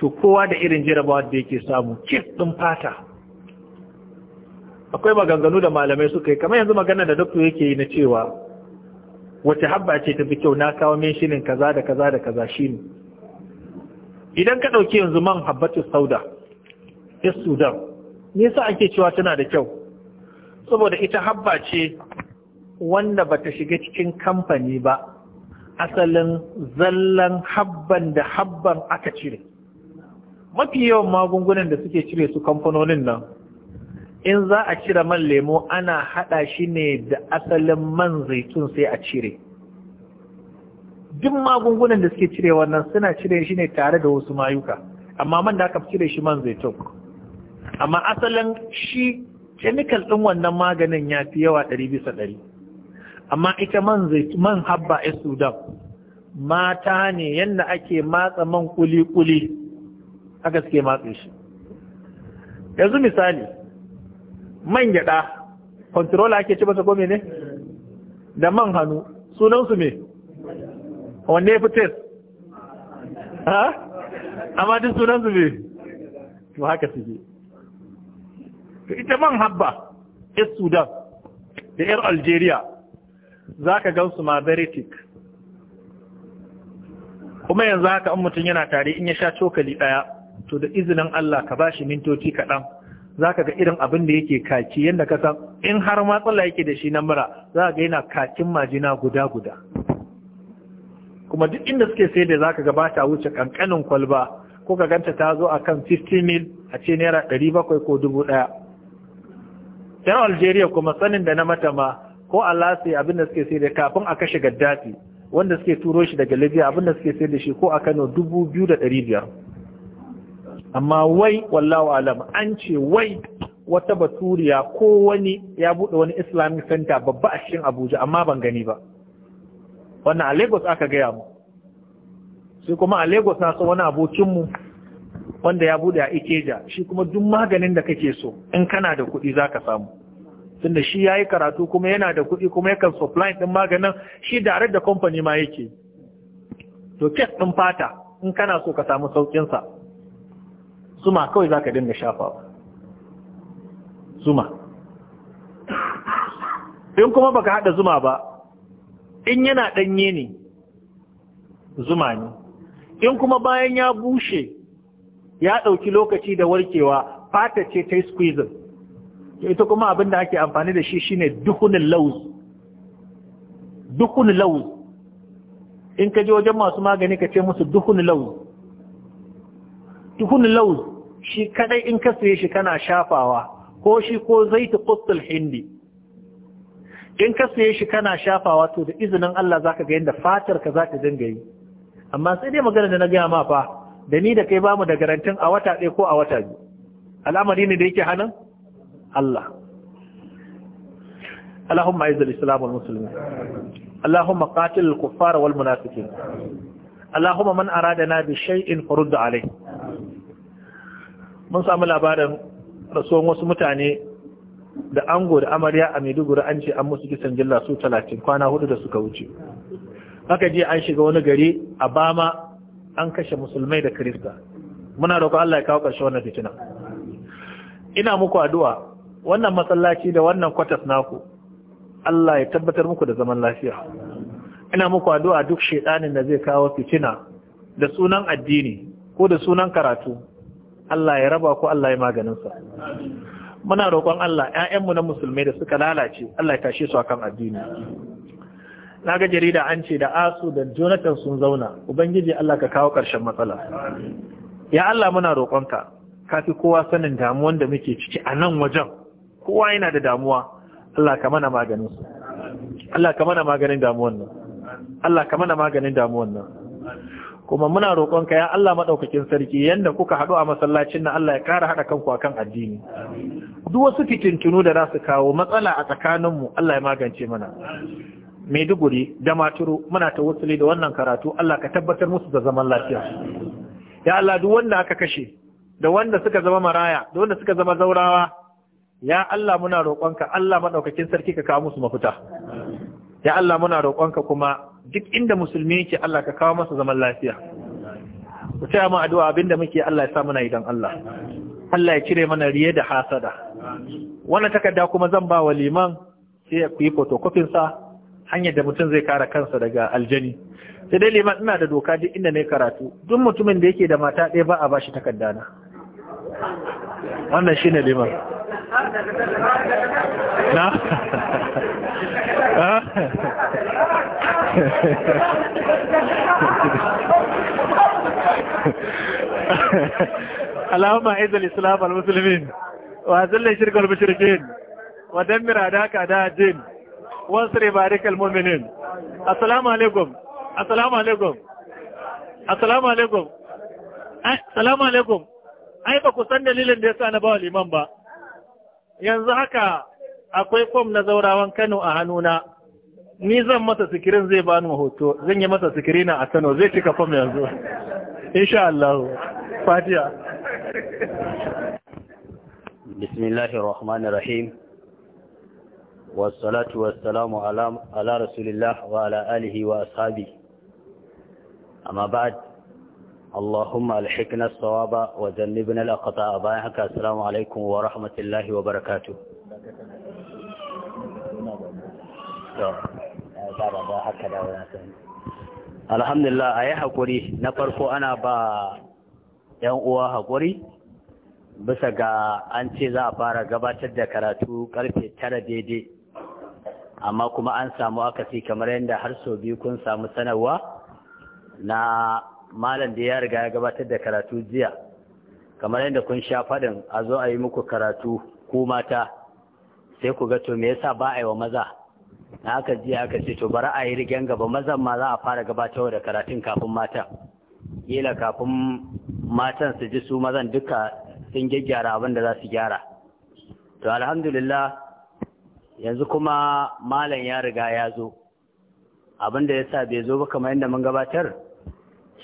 to kowa da irin jirabawa da yake samu kif ɗin fata akwai maganganu da malamai suka yi kamar yanzu magana da doktor yake yi na cewa wace habba ce ta fi kyau na kawo min shirin kaza da kaza da kaza shi ne? idan ka ɗauki yanzu man habbatu sauda ya sudan nisa ake cewa tana da kyau saboda ita habba ce wanda ta shiga cikin kamfani ba asalin zallan habban da habban aka cire mafi yawan magungunan da suke cire su kamfanonin nan in za a cire man lemo ana haɗa shi ne da asalin man zaitun sai a cire duk magungunan da suke cire wannan suna cire shi ne tare da wasu mayuka amma man da aka cire shi man zaitun amma asalin shi kemikal ɗin wannan maganin ya fi yawa ɗari bisa ɗari amma ita man zaitun man habba a sudan mata ne yadda ake matsa man kuli-kuli haka suke matsa shi yanzu misali man gyaɗa controller ake ci masa ko ne da man hannu sunansu me wanne ya fi test ha amma duk sunansu me to haka suke to ita man habba ƴar sudan da yar algeria za ka gansu ma veritic kuma yanzu haka an mutum yana tare in ya sha cokali ɗaya to da izinin Allah ka bashi mintoci kaɗan za ka ga irin abin da yake kaki yadda ka san in har matsala yake da shi na mura za ga yana kakin majina guda-guda kuma duk inda suke sai da za ka gabata wuce kankanin kwalba ko ka ganta ta zo a kan 50 mil a ce naira 700 ko 1000 yan algeria kuma sanin da na matama ko allah sai abin da suke sai da kafin a kashe gaddafi wanda suke turo shi daga libya abin da suke sai da shi ko a kano 2500 amma wai wallahu alam an ce wai wata baturiya ko wani ya buɗe wani islamic center babba a cikin abuja amma ban gani ba wannan a lagos aka gaya mu sai kuma a lagos na so wani abokinmu wanda ya buɗe a ikeja shi kuma duk maganin da kake so in kana da kuɗi za ka samu tunda shi ya yi karatu kuma yana da kuɗi kuma yakan supply ɗin maganin shi da da company ma yake to kes ɗin fata in kana so ka samu saukinsa. suma kawai za ka dinga ba, zuma in kuma baka hada zuma ba in yana danye ne zuma ne in kuma bayan ya bushe ya dauki lokaci da warkewa fata ce ta squeezing ita kuma abinda ake amfani da shi shine duhunin lauz duhunin lauz in ka je wajen masu magani ka ce musu duhunin lauz tuhun lauz shi kadai in ka saye shi kana shafawa ko shi ko zaiti quttul hindi in ka saye shi kana shafawa to da izinin Allah zaka ga yanda fatar ka zaka dinga yi amma sai dai magana da na gaya ma fa da ni da kai bamu da garantin a wata ɗaya ko a wata biyu al'amari ne da yake hannun Allah اللهم عز الإسلام والمسلمين اللهم قاتل الكفار والمنافقين اللهم من أرادنا بشيء فرد عليه mun samu labarin rasuwan wasu mutane da ango da amarya a maiduguri an ce an musu kisan jilla su talatin kwana hudu da suka wuce aka je an shiga wani gari a bama an kashe musulmai da Krista. muna roƙon Allah ya kawo ƙarshe wannan fitina ina muku addu'a wannan matsalaci da wannan kwatas naku Allah ya tabbatar muku da zaman lafiya ina muku addu'a duk shaidanin da zai kawo fitina da sunan addini ko da sunan karatu Allah ya raba ku Allah ya maganinsa muna roƙon Allah ƴaƴanmu na musulmai da suka lalace Allah ya tashe su akan addini na ga jarida an ce da asu da jonathan sun zauna ubangiji Allah ka kawo ƙarshen matsala ya Allah muna roƙonka ka fi kowa sanin damuwan da muke ciki a nan wajen kowa yana da damuwa Allah ka mana maganin su Allah ka mana maganin damuwan nan Allah ka mana maganin damuwan nan kuma muna roƙonka ya Allah maɗaukakin sarki yadda kuka haɗu a masallacin na Allah ya ƙara haɗa kanku kan addini duk wasu fitintunu da za su kawo matsala a tsakaninmu Allah ya magance mana Maiduguri da Maturu muna ta wasu da wannan karatu Allah ka tabbatar musu da zaman lafiya ya Allah duk wanda aka kashe da wanda suka zama maraya da wanda suka zama zaurawa ya Allah muna roƙonka Allah maɗaukakin sarki ka kawo musu mafita ya Allah muna roƙonka kuma duk inda musulmi yake Allah ka kawo masa zaman lafiya ku taya mu addu'a abinda muke Allah ya sa muna idan Allah Allah ya cire mana riye da hasada wannan takarda kuma zan ba wa liman sai ku yi photocopy sa hanyar da mutum zai kare kansa daga aljani sai dai liman ina da doka duk inda ne karatu duk mutumin da yake da mata ɗaya ba a bashi takarda na wannan shine liman na اللهم اعز الاسلام والمسلمين واذل الشرك والمشركين ودمر اعداءك اعداء الدين وانصر بارك المؤمنين السلام عليكم السلام عليكم السلام عليكم السلام عليكم اي ba ku san dalilin da yasa با ba liman ba akwai kom na zaurawan Kano a hannuna ni zan masa sikirin zai ba ni hoto zan yi masa sikirina a Kano zai cika kom yanzu insha Allah fatiha bismillahir rahmanir rahim والصلاة ala ala rasulillah wa ala alihi wa ashabi amma ba'd اللهم الحقنا الصواب وجنبنا الأخطاء بايعك السلام عليكم ورحمة الله وبركاته alhamdulillah a yi haƙuri na farko ana ba 'yan uwa haƙuri bisa ga an ce za a fara gabatar da karatu karfe tara daidai amma kuma an samu akasi kamar yadda har sau biyu kun samu sanarwa na malam da ya riga ya gabatar da karatu jiya kamar yadda kun sha faɗin a zo a yi muku karatu ku mata sai ku ga to me yasa ba a yi wa maza na aka ji aka ce to bari a yi rigen gaba mazan ma za a fara gabatar da karatun kafin matan kila kafin matan su ji su mazan duka sun gyaggyara abin da za su gyara to alhamdulillah yanzu kuma malam ya riga ya zo abin da ya sa bai zo ba kamar yadda mun gabatar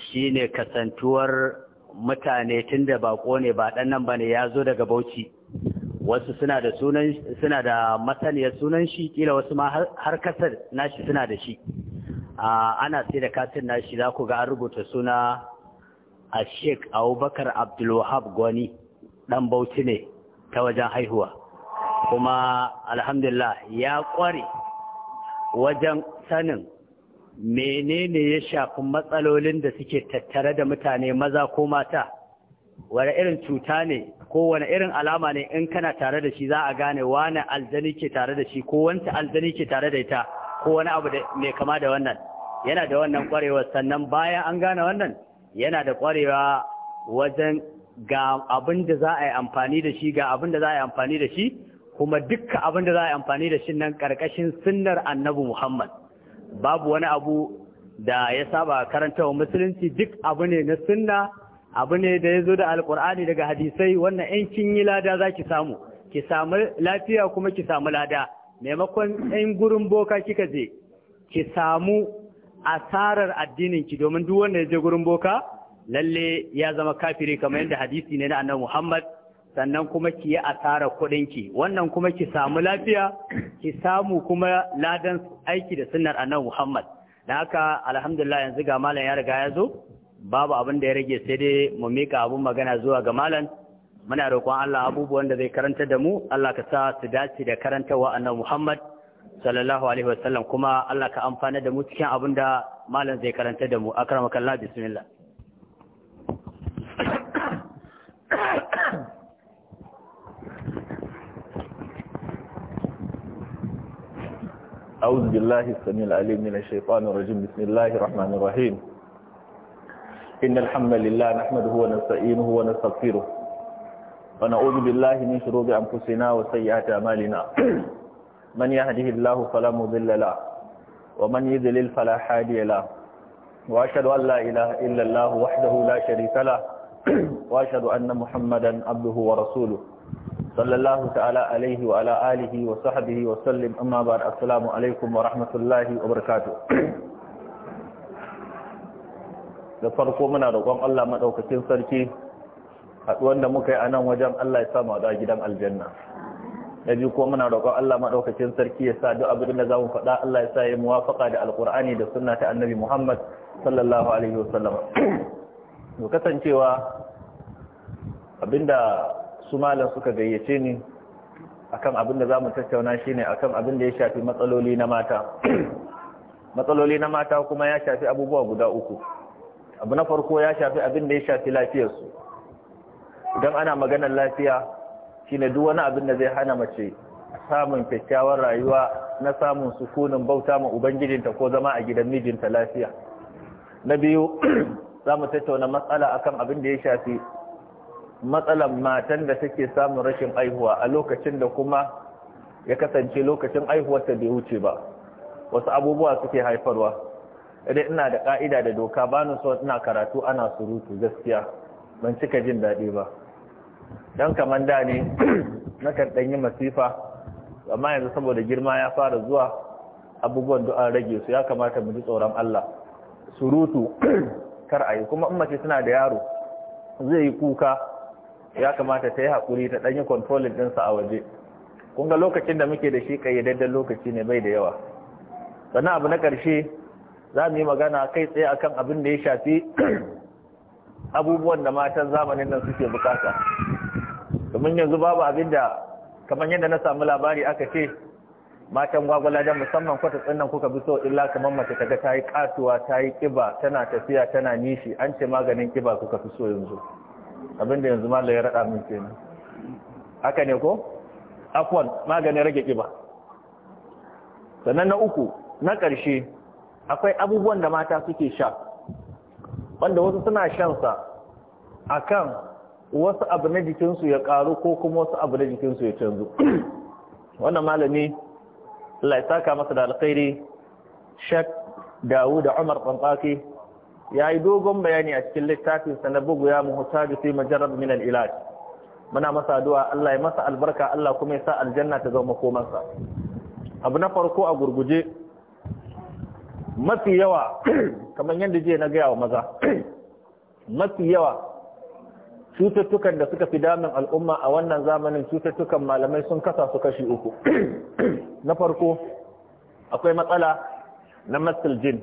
shine kasantuwar mutane tun da bako ne ba ɗan nan ba ne ya zo daga bauchi wasu suna da sunan suna da masaniyar sunan shi kila wasu ma har kasar nashi suna da shi ana sai da katin nashi za ku ga an rubuta suna a sheik abubakar abdulwahab gwani dan bauchi ne ta wajen haihuwa kuma alhamdulillah ya kware wajen sanin menene ya shafi matsalolin da suke tattare da mutane maza ko mata wani irin cuta ne kowane irin alama ne in kana tare da shi za a gane wani aljani ke tare da shi ko wanta aljani ke tare da ita ko wani abu mai kama da wannan yana da wannan kwarewa sannan bayan an gane wannan yana da kwarewa wajen ga abin da za a yi amfani da shi ga abin da za a yi amfani da shi kuma dukkan abin da za a yi amfani da shi nan karkashin sunnar annabi Muhammad babu wani abu da ya saba karantawa musulunci duk abu ne na sunna abu ne da ya zo da alkur'ani daga hadisai wannan in kin yi lada za ki samu ki samu lafiya kuma ki samu lada maimakon in gurin boka kika je ki samu asarar addinin ki domin duk wanda ya je gurin boka lalle ya zama kafiri kamar yadda hadisi ne na annabi Muhammad sannan kuma ki yi asarar kuɗin ki wannan kuma ki samu lafiya ki samu kuma ladan aiki da sunnar annabi Muhammad da haka alhamdulillah yanzu ga malam ya riga ya zo babu abin da ya rage sai dai mu mika abun magana zuwa ga malam muna roƙon Allah abubuwan da zai karanta da mu Allah ka sa su dace da karantawa annabi Muhammad sallallahu alaihi wasallam kuma Allah ka amfana da mu cikin abin da malam zai karanta da mu akramaka Allah bismillah أعوذ بالله السميع العليم من الشيطان الرجيم بسم الله الرحمن الرحيم إن الحمد لله نحمده ونستعينه ونستغفره ونعوذ بالله من شرور أنفسنا وسيئات أمالنا من يهده الله فلا مضل له ومن يذلل فلا هادي له وأشهد أن لا إله إلا الله وحده لا شريك له وأشهد أن محمدا عبده ورسوله صلى الله تعالى عليه وعلى آله وصحبه وسلم أما بعد السلام عليكم ورحمة الله وبركاته da farko muna roƙon Allah madaukakin sarki haɗuwan da muka yi a nan wajen Allah ya samu a gidan aljanna da biyu ko muna roƙon Allah madaukakin sarki ya sa duk abin da zamu faɗa Allah ya sa ya muwafaqa da alqur'ani da sunna ta annabi Muhammad sallallahu alaihi wasallam to kasancewa abinda su malam suka gayyace ni akan abin da zamu tattauna shine akan abin da ya shafi matsaloli na mata matsaloli na mata kuma ya shafi abubuwa guda uku abu na farko ya shafi abin da ya shafi lafiyarsu idan ana maganar lafiya shine duk wani abin da zai hana mace samun kyakkyawar rayuwa na samun sukunin bauta ma ubangijinta ko zama a gidan mijinta lafiya na biyu za mu tattauna matsala akan abin da ya shafi matsalar matan da take samun rashin aihuwa a lokacin da kuma ya kasance lokacin aihuwarta bai wuce ba wasu abubuwa suke haifarwa dai ina da ƙa'ida da doka ba ni so ina karatu ana surutu gaskiya ban cika jin daɗi ba don kamar da ne na kan yi masifa amma yanzu saboda girma ya fara zuwa abubuwan da an rage su ya kamata mu ji tsoron Allah surutu kar a yi kuma in mace suna da yaro zai yi kuka ya kamata ta yi haƙuri ta ɗanyi kontrolin ɗinsa a waje kun ga lokacin da muke da shi ƙayyadaddar lokaci ne bai da yawa sannan abu na ƙarshe za mu yi magana kai tsaye akan abin da ya shafi abubuwan da matan zamanin nan suke bukata domin yanzu babu abin da kamar yadda na samu labari aka ce matan gwagwala gwagwalajen musamman kwata tsannan kuka bi so illa kamar mace ta ga ta yi katuwa ta yi kiba tana tafiya tana nishi an ce maganin kiba kuka fi so yanzu abin da yanzu malaya ya raɗa min kenan haka ne ko afwan maganin rage kiba sannan na uku na ƙarshe akwai abubuwan da mata suke sha wanda wasu suna shansa a kan wasu abu na jikinsu ya karu ko kuma wasu abu na jikinsu ya canzu wannan malami Allah ya saka masa da alkhairi shak Dawud da umar ɓanɓaƙi ya yi dogon bayani a cikin littafinsa na bugu ya muhuta da fi majarar min ilaj muna masa addu'a Allah ya masa albarka Allah kuma ya sa aljanna ta zama komansa abu na farko a gurguje mafi yawa kamar yadda jiya na gaya wa maza mafi yawa cututtukan da suka fi damin al'umma a wannan zamanin cututtukan malamai sun kasa su kashi uku na farko akwai matsala na masal jin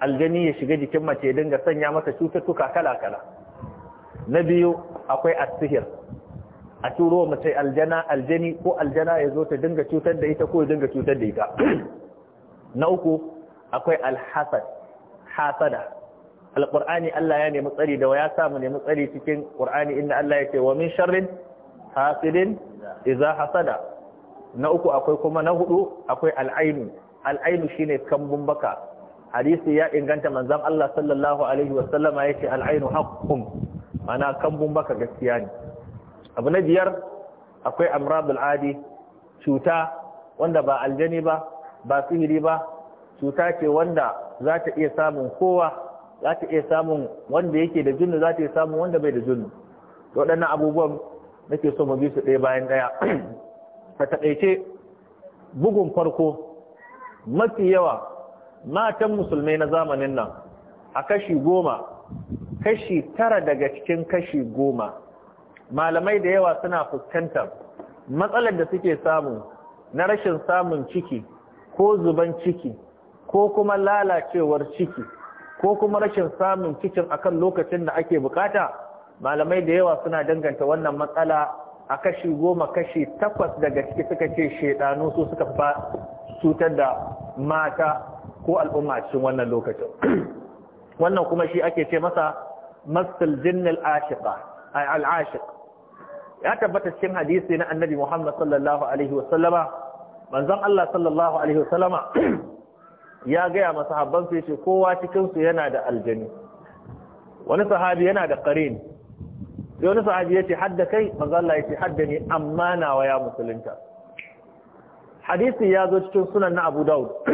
aljani ya shiga jikin mace dinga sanya mata cututtuka kala-kala na biyu akwai asihir a turo mace aljana aljani ko aljana ya zo ta dinga cutar da ita ko ya dinga cutar da ita na uku akwai alhasad hasada alqur'ani Allah ya nemi tsari da ya samu nemi tsari cikin ƙur'ani inda Allah ya ce wa min sharrin hasidin idza hasada na uku akwai kuma na hudu akwai al'ainu al'ainu shine kambun baka hadisi ya inganta manzon Allah sallallahu alaihi wa sallama yace al'ainu hakun ana kambun baka gaskiya ne abu na biyar akwai amradul adi cuta wanda ba aljani ba ba sihiri ba cuta ce wanda za ta iya samun kowa za ta iya samun wanda yake da junnu za ta iya samun wanda bai da junnu waɗannan abubuwan nake so mu bi su ɗaya bayan ɗaya Ka taƙaice bugun farko mafi yawa matan musulmai na zamanin nan a kashi goma kashi tara daga cikin kashi goma malamai da yawa suna fuskantar matsalar da suke samu na rashin samun ciki ko zuban ciki ko kuma lalacewar ciki ko kuma rashin samun cikin akan lokacin da ake bukata malamai da yawa suna danganta wannan matsala a kashi goma kashi takwas daga ciki suka ce shedanu su suka fa cutar da mata ko al'umma cikin wannan lokacin wannan kuma shi ake ce masa masal jinnil ashiqa al ashiq ya tabbata cikin hadisi na annabi Muhammad sallallahu alaihi wasallama manzon Allah sallallahu alaihi wasallama ya gaya masa habban ya ce kowa cikinsu yana da aljani wani sahabi yana da ƙarin sai wani sahabi ya ce hadda kai mazalla ya ce hadda ne amma na waya musulunta hadisi ya zo cikin sunan na abu daud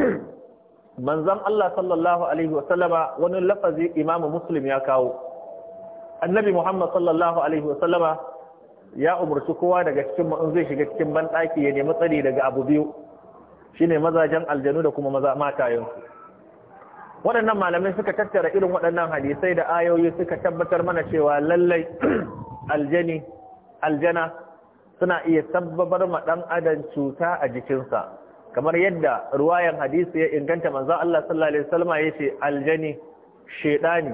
manzan allah sallallahu alaihi wasallama wani lafazi imamu muslim ya kawo annabi muhammad sallallahu alaihi wasallama ya umarci kowa daga cikin in zai shiga cikin banɗaki ya nemi tsari daga abu biyu shine mazajen aljanu da kuma maza matayensu waɗannan malamai suka tattara irin waɗannan hadisai da ayoyi suka tabbatar mana cewa lallai aljani aljana suna iya sabbabar ma ɗan adam cuta a jikinsa kamar yadda ruwayan hadisi ya inganta manzan Allah sallallahu alaihi wasallam yace aljani shedani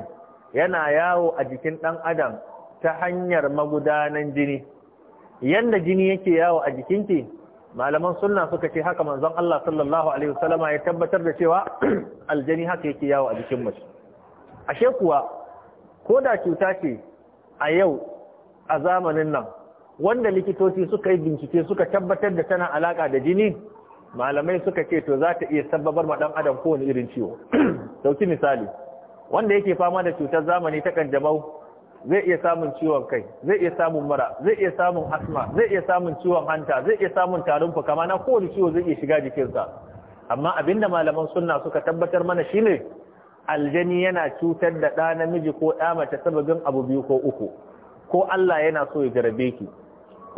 yana yawo a jikin ɗan adam ta hanyar magudanan jini yanda jini yake yawo a jikinki malaman sunna suka ce haka manzon Allah sallallahu alaihi wasallama ya tabbatar da cewa aljani haka yake yawo a jikin mace ashe kuwa ko da cuta ce a yau a zamanin nan wanda likitoci suka yi bincike suka tabbatar da tana alaka da jini malamai suka ce to za ta iya sababar ma dan adam kowane irin ciwo dauki misali wanda yake fama da cutar zamani ta kanjamau zai iya samun ciwon kai zai iya samun mura zai iya samun asma zai iya samun ciwon hanta zai iya samun tarin fuka mana na kowane ciwo zai iya shiga jikinsa amma abinda malaman sunna suka tabbatar mana shine aljani yana cutar da ɗa namiji ko ɗa mace sababin abu biyu ko uku ko Allah yana so ya jarabe ki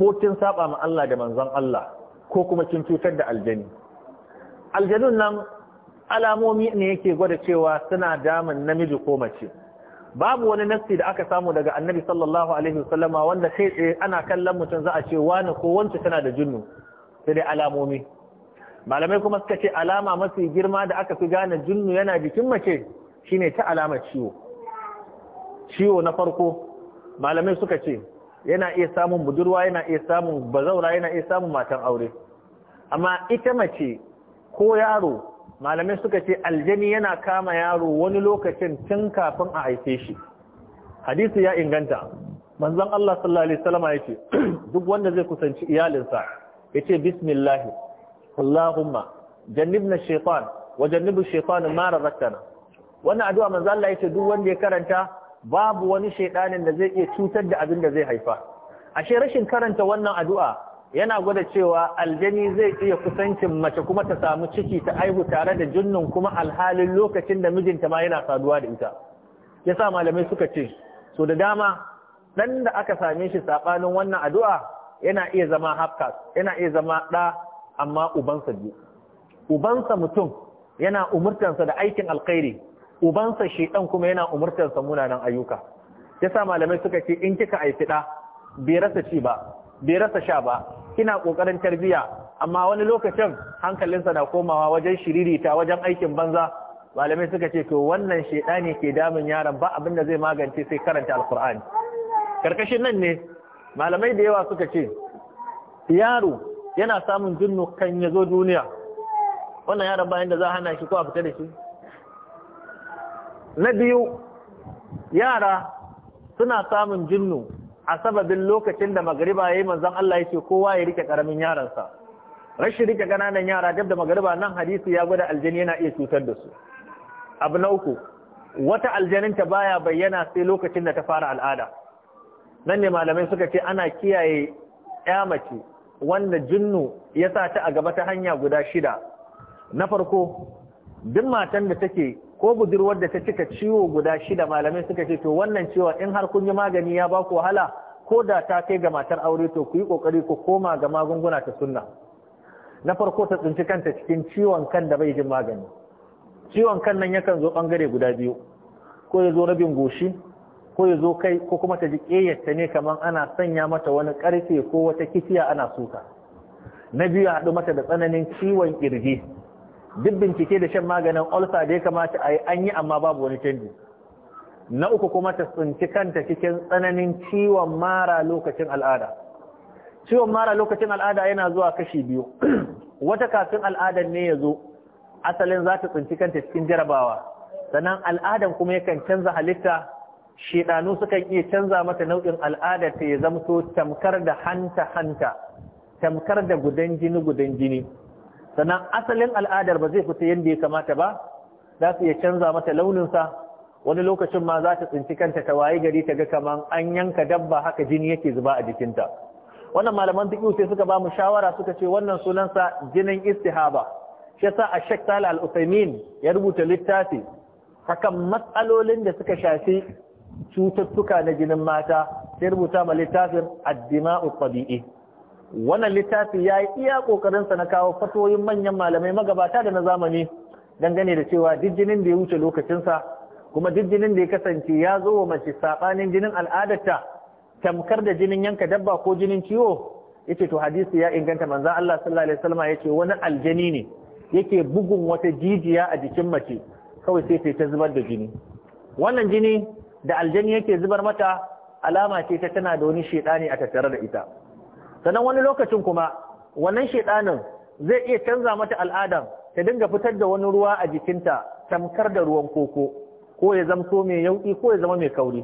ko kin saba ma Allah da manzon Allah ko kuma kin cutar da aljani aljanun nan alamomi ne yake gwada cewa suna damun namiji ko mace babu wani nassi da aka samu daga annabi sallallahu alaihi wasallama wanda sai tsaye ana kallon mutum za a ce wani ko wance tana da junnu sai dai alamomi malamai kuma suka ce alama mafi girma da aka fi gane junnu yana jikin mace shine ta alama ciwo ciwo na farko malamai suka ce yana iya samun budurwa yana iya samun bazaura yana iya samun matan aure amma ita mace ko yaro malamai suka ce aljani yana kama yaro wani lokacin tun kafin a haife shi hadisi ya inganta manzon Allah sallallahu alaihi wasallam yace duk wanda zai kusanci iyalinsa ya yace bismillah Allahumma jannibna shaytan wa jannibu shaytan ma razaqtana wannan addu'a manzon Allah ce duk wanda ya karanta babu wani shaydanin da zai iya cutar da abin da zai haifa ashe rashin karanta wannan addu'a yana gwada cewa aljani zai iya kusancin mace kuma ta samu ciki ta aihu tare da jinnin kuma alhalin lokacin da mijinta ma yana saduwa da ita yasa malamai suka ce so da dama dan da aka same shi saɓanin wannan addu'a yana iya zama hafkas yana iya zama ɗa amma ubansa biyu ubansa mutum yana umurtansa da aikin alkhairi ubansa shedan kuma yana umurtansa munanan ayyuka yasa malamai suka ce in kika aifi ɗa bai rasa ci ba bai rasa sha ba kina ƙoƙarin tarbiyya, amma wani lokacin hankalinsa na komawa wajen shiririta wajen aikin banza malamai suka ce to wannan ne ke damun yaron ba abin da zai magance sai karanta alkur'ani karkashin nan ne malamai da yawa suka ce yaro yana samun jinnu kan ya zo duniya wannan yaron bayan da za a hana shi ko a fita da shi na biyu yara suna samun jinnu a sababin lokacin da magariba yi manzon Allah ya ce kowa ya rike karamin yaransa rashin rike ƙananan yara dab da magariba nan hadisi ya gwada aljani yana iya cutar da su abu na uku wata aljaninta baya bayyana sai lokacin da ta fara al'ada nan ne malamai suka ce ana kiyaye ya mace wanda jinnu ya sa ta a gaba ta hanya guda shida na farko duk matan da take ko budurwar da ta cika ciwo guda shida malamai suka ce to wannan cewa in har kun yi magani ya ba ku wahala ko da ta kai ga matar aure to ku yi kokari ku koma ga magunguna ta sunna na farko ta tsinci kanta cikin ciwon kan da bai jin magani ciwon kan nan yakan zo bangare guda biyu ko ya zo rabin goshi ko ya zo kai ko kuma ta ji ƙeyarta ne kamar ana sanya mata wani ƙarfe ko wata kifiya ana suka na biyu ya haɗu mata da tsananin ciwon ƙirji duk bincike da shan maganin ulcer da ya kamata a yi an yi amma babu wani canji na uku kuma ta tsinci kanta cikin tsananin ciwon mara lokacin al'ada ciwon mara lokacin al'ada yana zuwa kashi biyu wata kafin al'adan ne ya zo asalin za ta tsinci kanta cikin jarabawa sannan al'adan kuma yakan canza halitta Shiɗanu sukan iya canza mata nau'in al'ada ta ya zamto tamkar da hanta hanta tamkar da gudan jini gudan jini sannan asalin al'adar ba zai fita yadda ya kamata ba za su iya canza mata launinsa wani lokacin ma za ta tsinci kanta ta waye gari ta ga kaman an yanka dabba haka jini yake zuba a jikinta wannan malaman fiqh sai suka ba mu shawara suka ce wannan sunansa jinin istihaba shi yasa a shek tala al ya rubuta littafi hakan matsalolin da suka shafi cututtuka na jinin mata sai rubuta ma littafin addima'u dimau tabi'i wannan littafi ya yi iya ƙoƙarinsa na kawo fatoyin manyan malamai magabata da na zamani dangane da cewa duk jinin da ya wuce lokacinsa kuma duk jinin da ya kasance ya zo wa mace saɓanin jinin al'adarta tamkar da jinin yanka dabba ko jinin ciwo yace to hadisi ya inganta manzan Allah sallallahu alaihi wasallam ce wani aljani ne yake bugun wata jijiya a jikin mace kawai sai ta zubar da jini wannan jini da aljani yake zubar mata alama ce ta tana da wani shedani a tattare da ita sannan wani lokacin kuma wannan shedanin zai iya canza mata al'adan ta dinga fitar da wani ruwa a jikinta tamkar da ruwan koko ko ya zamto mai yauki ko ya zama mai kauri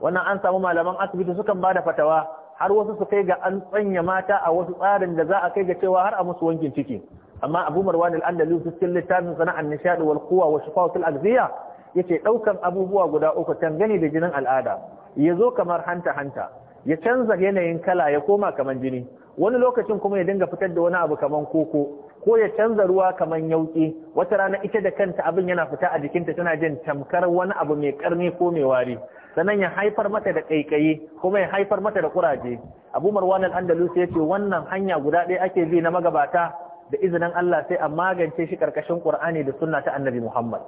wannan an samu malaman asibiti sukan bada fatawa har wasu su kai ga an tsanya mata a wasu tsarin da za a kai ga cewa har a musu wankin ciki amma Abu Marwan al-Andalusi cikin littafin sana'an nishadi wal quwa wa shifatul azziya yace daukan abubuwa guda uku tangane da jinin al'ada yazo kamar hanta hanta ya canza yanayin kala ya koma kamar jini wani lokacin kuma ya dinga fitar da wani abu kaman koko ko ya canza ruwa kamar yauki wata rana ita da kanta abin yana fita a jikinta tana jin tamkar wani abu mai karni ko mai wari sannan ya haifar mata da kaikayi kuma ya haifar mata da kuraje abu marwan al-andalus ya ce wannan hanya guda ɗaya ake bi na magabata da izinin Allah sai a magance shi karkashin Qur'ani da sunna ta Annabi Muhammad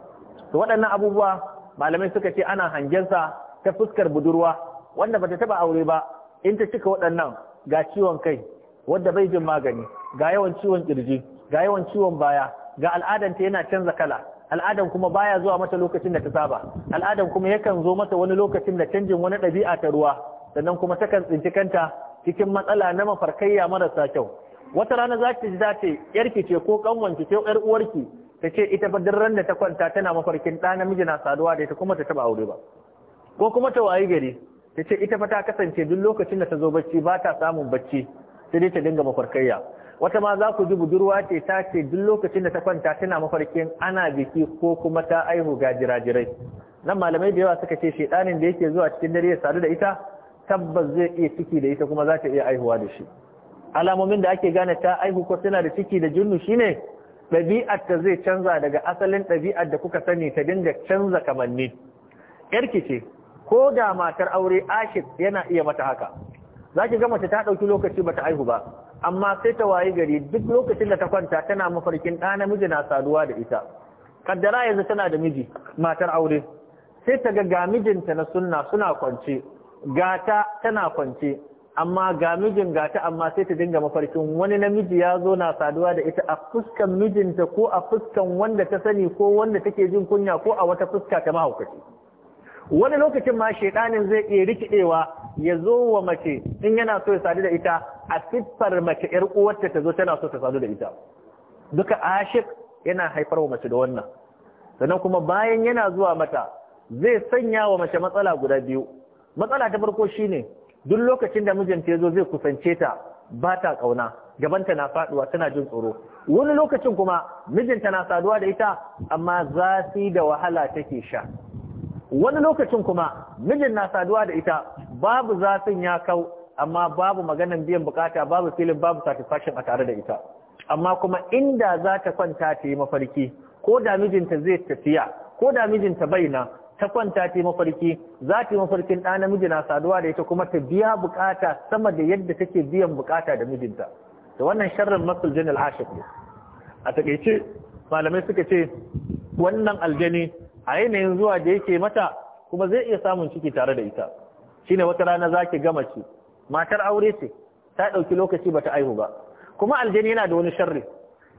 to waɗannan abubuwa malamai suka ce ana hangensa ta fuskar budurwa wanda bata taba aure ba in ta cika waɗannan ga ciwon kai wanda bai jin magani ga yawan ciwon kirji ga yawan ciwon baya ga al'adanta yana canza kala al'adan kuma baya zuwa mata lokacin da ta saba al'adan kuma yakan zo mata wani lokacin da canjin wani ɗabi'a ta ruwa sannan kuma takan tsinci kanta cikin matsala na mafarkayya marasa kyau wata rana za ta ji za ta yarki ce ko kanwanki ce yar uwarki ta ce ita ba duk da ta kwanta tana mafarkin ɗa namiji na saduwa da ita kuma ta taba aure ba ko kuma ta wayi gari ta ce ita fa ta kasance duk lokacin da ta zo bacci ba ta samun bacci sai dai ta dinga mafarkayya wata ma za ku ji budurwa ce ta ce duk lokacin da ta kwanta tana mafarkin ana biki ko kuma ta aihu ga jirajirai nan malamai da yawa suka ce shedanin da yake zuwa cikin dare ya sadu da ita tabbas zai iya ciki da ita kuma za ta iya aihuwa da shi alamomin da ake gane ta aihu ko tana da ciki da junnu shine ɗabi'ar ta zai canza daga asalin ɗabi'ar da kuka sani ta dinga canza kamanni yarki ce ko da matar aure ashir yana iya mata haka za ki ga mace ta ɗauki lokaci ba ta aihu ba amma sai ta waye gari duk lokacin da ta kwanta tana mafarkin ɗa namiji na saduwa da ita kaddara yanzu tana da miji matar aure sai ta ga ga mijinta na sunna suna kwance gata tana kwance amma ga mijin gata amma sai ta dinga mafarkin wani namiji ya zo na saduwa da ita a fuskan mijinta ko a fuskan wanda ta sani ko wanda take jin kunya ko a wata fuska ta mahaukaci wani lokacin ma shaidanin zai iya rikidewa ya zo wa mace in yana so ya sadu da ita a siffar mace ƴar uwarta ta zo tana so ta sadu da ita duka ashik yana haifar wa mace da wannan sannan kuma bayan yana zuwa mata zai sanya wa mace matsala guda biyu matsala ta farko shine duk lokacin da mijinta ya zo zai kusance ta ba ta kauna gabanta na faduwa tana jin tsoro wani lokacin kuma mijinta na saduwa da ita amma zafi da wahala take sha wani lokacin kuma mijin na saduwa da ita babu zafin ya kau amma babu maganan biyan bukata babu filin babu satisfaction a tare da ita amma kuma inda za ta kwanta ta yi mafarki ko da mijinta zai tafiya ko da mijinta baina ta kwanta ta yi mafarki za ta yi mafarkin ɗa namiji na saduwa da ita kuma ta biya bukata sama da yadda take biyan bukata da mijinta da wannan sharrin masul jin al'ashik ne a takaice malamai suka ce wannan aljani a yanayin zuwa da yake mata kuma zai iya samun ciki tare da ita shine wata rana zaki gama ce matar aure ce ta ɗauki lokaci bata aihu ba kuma aljani yana da wani sharri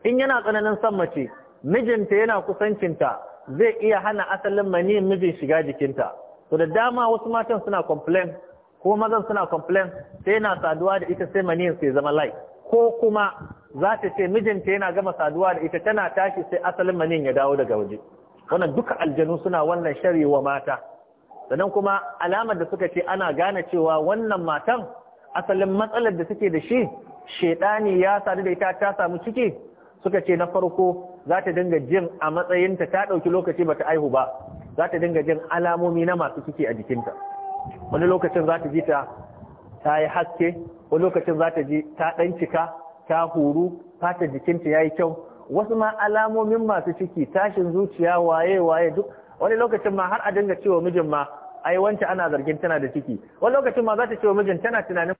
in yana tsananin san mace mijinta yana kusancinta zai iya hana asalin maniyin mijin shiga jikinta to da dama wasu matan suna complain ko mazan suna complain sai yana saduwa da ita sai maniyin sai zama lai ko kuma za ta ce mijinta yana gama saduwa da ita tana tashi sai asalin maniyin ya dawo daga waje wannan duka aljanu suna wannan sharewa mata sannan kuma alamar da suka ce ana gane cewa wannan matan asalin matsalar da suke da shi shedani ya sadu da ita ta samu ciki suka ce na farko za ta dinga jin a matsayinta ta ɗauki lokaci ba ta aihu ba za ta dinga jin alamomi na masu ciki a jikinta wani lokacin za ta ji ta ta yi haske wani lokacin za ta ji ta ɗan cika ta huru fata jikinta ya yi kyau wasu ma alamomin masu ciki tashin zuciya waye waye duk wani lokacin ma har a dinga cewa mijin ma ai wance ana zargin tana da ciki wani lokacin ma za ta cewa mijin tana tunanin